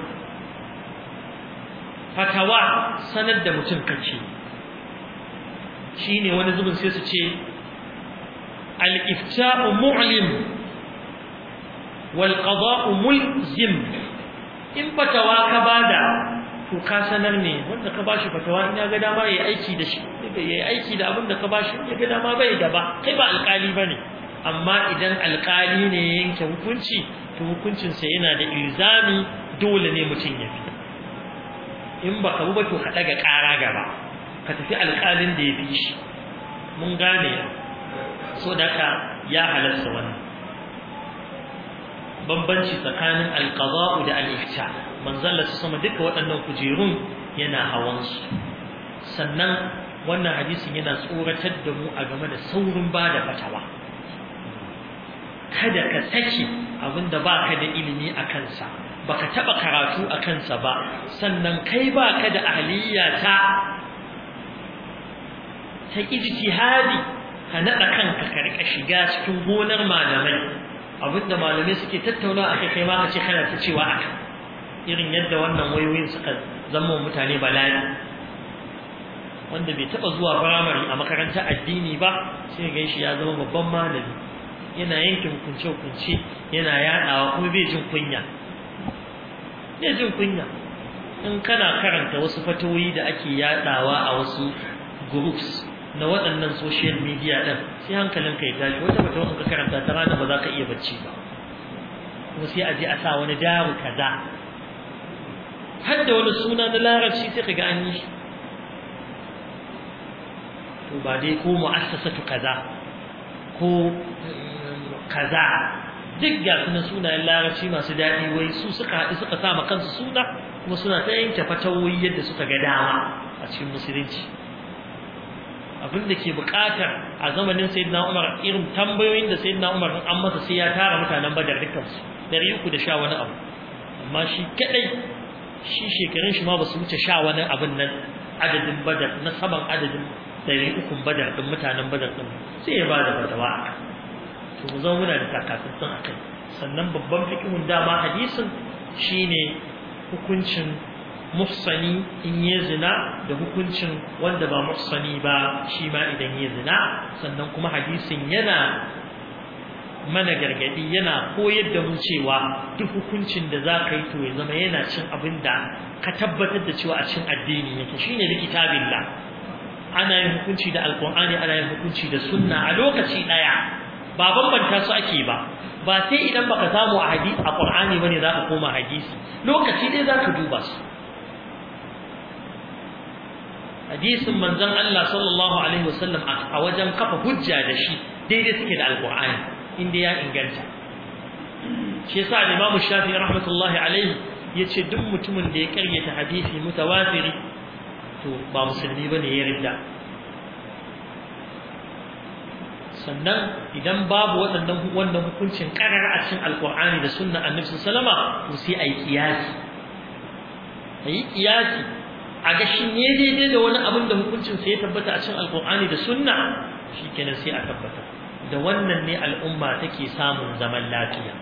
fatawa sanar da mutum kace shine wani zubin sai su ce al-ifta'u mu'lim wal qada'u mulzim in fatawa ka bada to ka sanar ne wanda ka bashi fatawa in ya ga dama yayi aiki da shi yayi aiki da abin da ka bashi ya ga dama bai gaba kai ba alƙali bane amma idan alƙali ne yanke hukunci to hukuncinsa yana da ilzami dole ne mutum ya fi in ba ka ba to ka daga ƙara gaba ka tafi alƙalin da ya fi shi mun gane so da ka ya halarta wannan bambanci tsakanin alƙaza'u da al'ihta manzalla su sama duka waɗannan kujerun yana hawansu sannan wannan hadisin yana tsoratar da mu a game da saurin ba da fatawa kada ka saki abinda ba ka da ilimi a kansa baka taba karatu a kansa ba sannan kai baka da ahliya ta ta ijtihadi ka naɗa kanka ka shiga cikin gonar malamai abinda malamai suke tattauna akai kai ma ka ce kana ta cewa aka irin yadda wannan wayoyin suka zama mutane bala'i wanda bai taba zuwa firamare a makarantar addini ba sai ga shi ya zama babban malami yana yanke hukunce hukunce yana yadawa kuma bai jin kunya ne jin kunya in kana karanta wasu fatoyi da ake yadawa a wasu groups na waɗannan social media ɗin sai hankalinka ya tashi wata fatawa in ka karanta ta rana ba za ka iya bacci ba kuma sai a je a sa wani daru kaza har da wani suna na larabci sai ka ga an yi to ba dai ko mu'assasatu kaza ko kaza duk ga suna sunayen larabci masu daɗi wai su suka haɗu suka sama kansu suna kuma suna ta yanke fatawoyi yadda suka ga dama a cikin musulunci abin da ke buƙatar a zamanin sayyidina umar irin tambayoyin da sayyidina umar an masa sai ya tara mutanen badar dukkansu ɗari uku da sha wani abu amma shi kaɗai shi shekarun shi ma ba su wuce sha wani abin nan adadin badar na saman adadin dari ukun badar ɗin mutanen badar ɗin sai ya ba da fatawa a to mu zama muna da takatsantsan a kai sannan babban fikihun dama hadisin shine hukuncin muhsani in yi zina da hukuncin wanda ba muhsani ba shi ma idan ya zina sannan kuma hadisin yana mana gargadi yana koyar da mu cewa duk hukuncin da za ka yi to ya zama yana cin abin da ka tabbatar da cewa a cin addini yake shine likitabillah ana yin hukunci da alkur'ani ana yin hukunci da sunna a lokaci daya ba bambanta su ake ba ba sai idan baka samu a hadisi a Qur'ani bane zaka koma hadisi lokaci dai zaka duba su hadisin manzon Allah sallallahu alaihi wasallam a wajen kafa hujja da shi daidai suke da alqur'ani inda ya inganta shi yasa Imam Shafi rahmatullahi alaihi yace duk mutumin da ya karyata hadisi mutawatiri to ba musulmi bane ya ridda sannan idan babu waɗannan wannan hukuncin karar a cikin alkur'ani da sunna annabi sallama to sai ayi kiyasi ayi kiyasi a ga shin ne daidai da wani abin da hukuncin sai ya tabbata a cikin alkur'ani da sunna shikenan sai a tabbata da wannan ne al'umma take samun zaman lafiya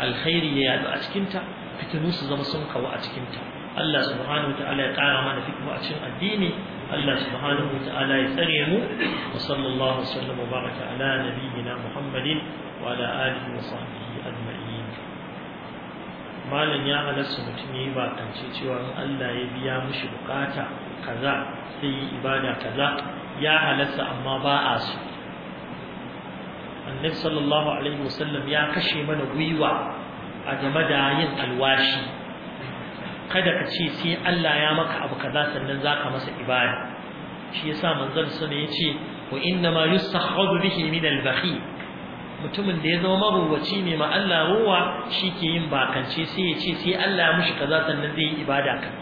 alkhairi ya yadu a cikin ta fitinu su zama sun kawo a cikin ta Allah subhanahu wa ta'ala ya kara mana fikmu a cikin addini Allah subhanahu wa ta'ala ya tsare mu wa sallallahu wa baraka ala nabiyyina Muhammadin wa ala alihi wa sahbihi ajma'in malam ya halarta mutum yi ba cewa in Allah ya biya mushi bukata kaza sai yi ibada kaza ya halarta amma ba a so annabi sallallahu alaihi sallam ya kashe mana gwiwa a game da yin alwashi kada ka ce sai Allah ya maka abu kaza sannan zaka masa ibada shi yasa manzon sun yace wa inna ma yustakhadu bihi min al-bakhil mutumin da ya zama marubaci ne ma Allah ruwa shi ke yin bakance sai ya ce sai Allah ya mushi kaza sannan zai yi ibada kan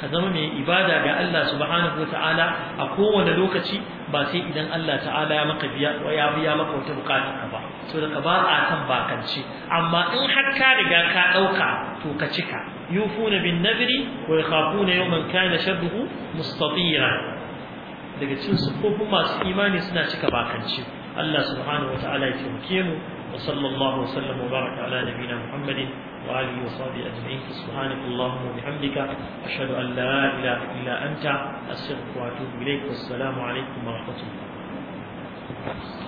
ka zama mai ibada ga Allah subhanahu wata'ala a kowane lokaci ba sai idan Allah ta'ala ya maka biya ya biya maka wata bukata ba so daga ba a san bakanci amma in har ka riga ka dauka to ka cika yufuna bin nadri wa yakhafuna yawman kana sharruhu mustatira daga cikin sufofin masu imani suna cika bakanci Allah subhanahu wataala ya taimake mu wa sallallahu wasallam wa baraka ala nabiyina Muhammadin wa alihi wa sahbihi ajma'in subhanaka allahumma wa bihamdika ashhadu an la ilaha illa anta astaghfiruka wa atubu ilaik wassalamu alaikum wa rahmatullah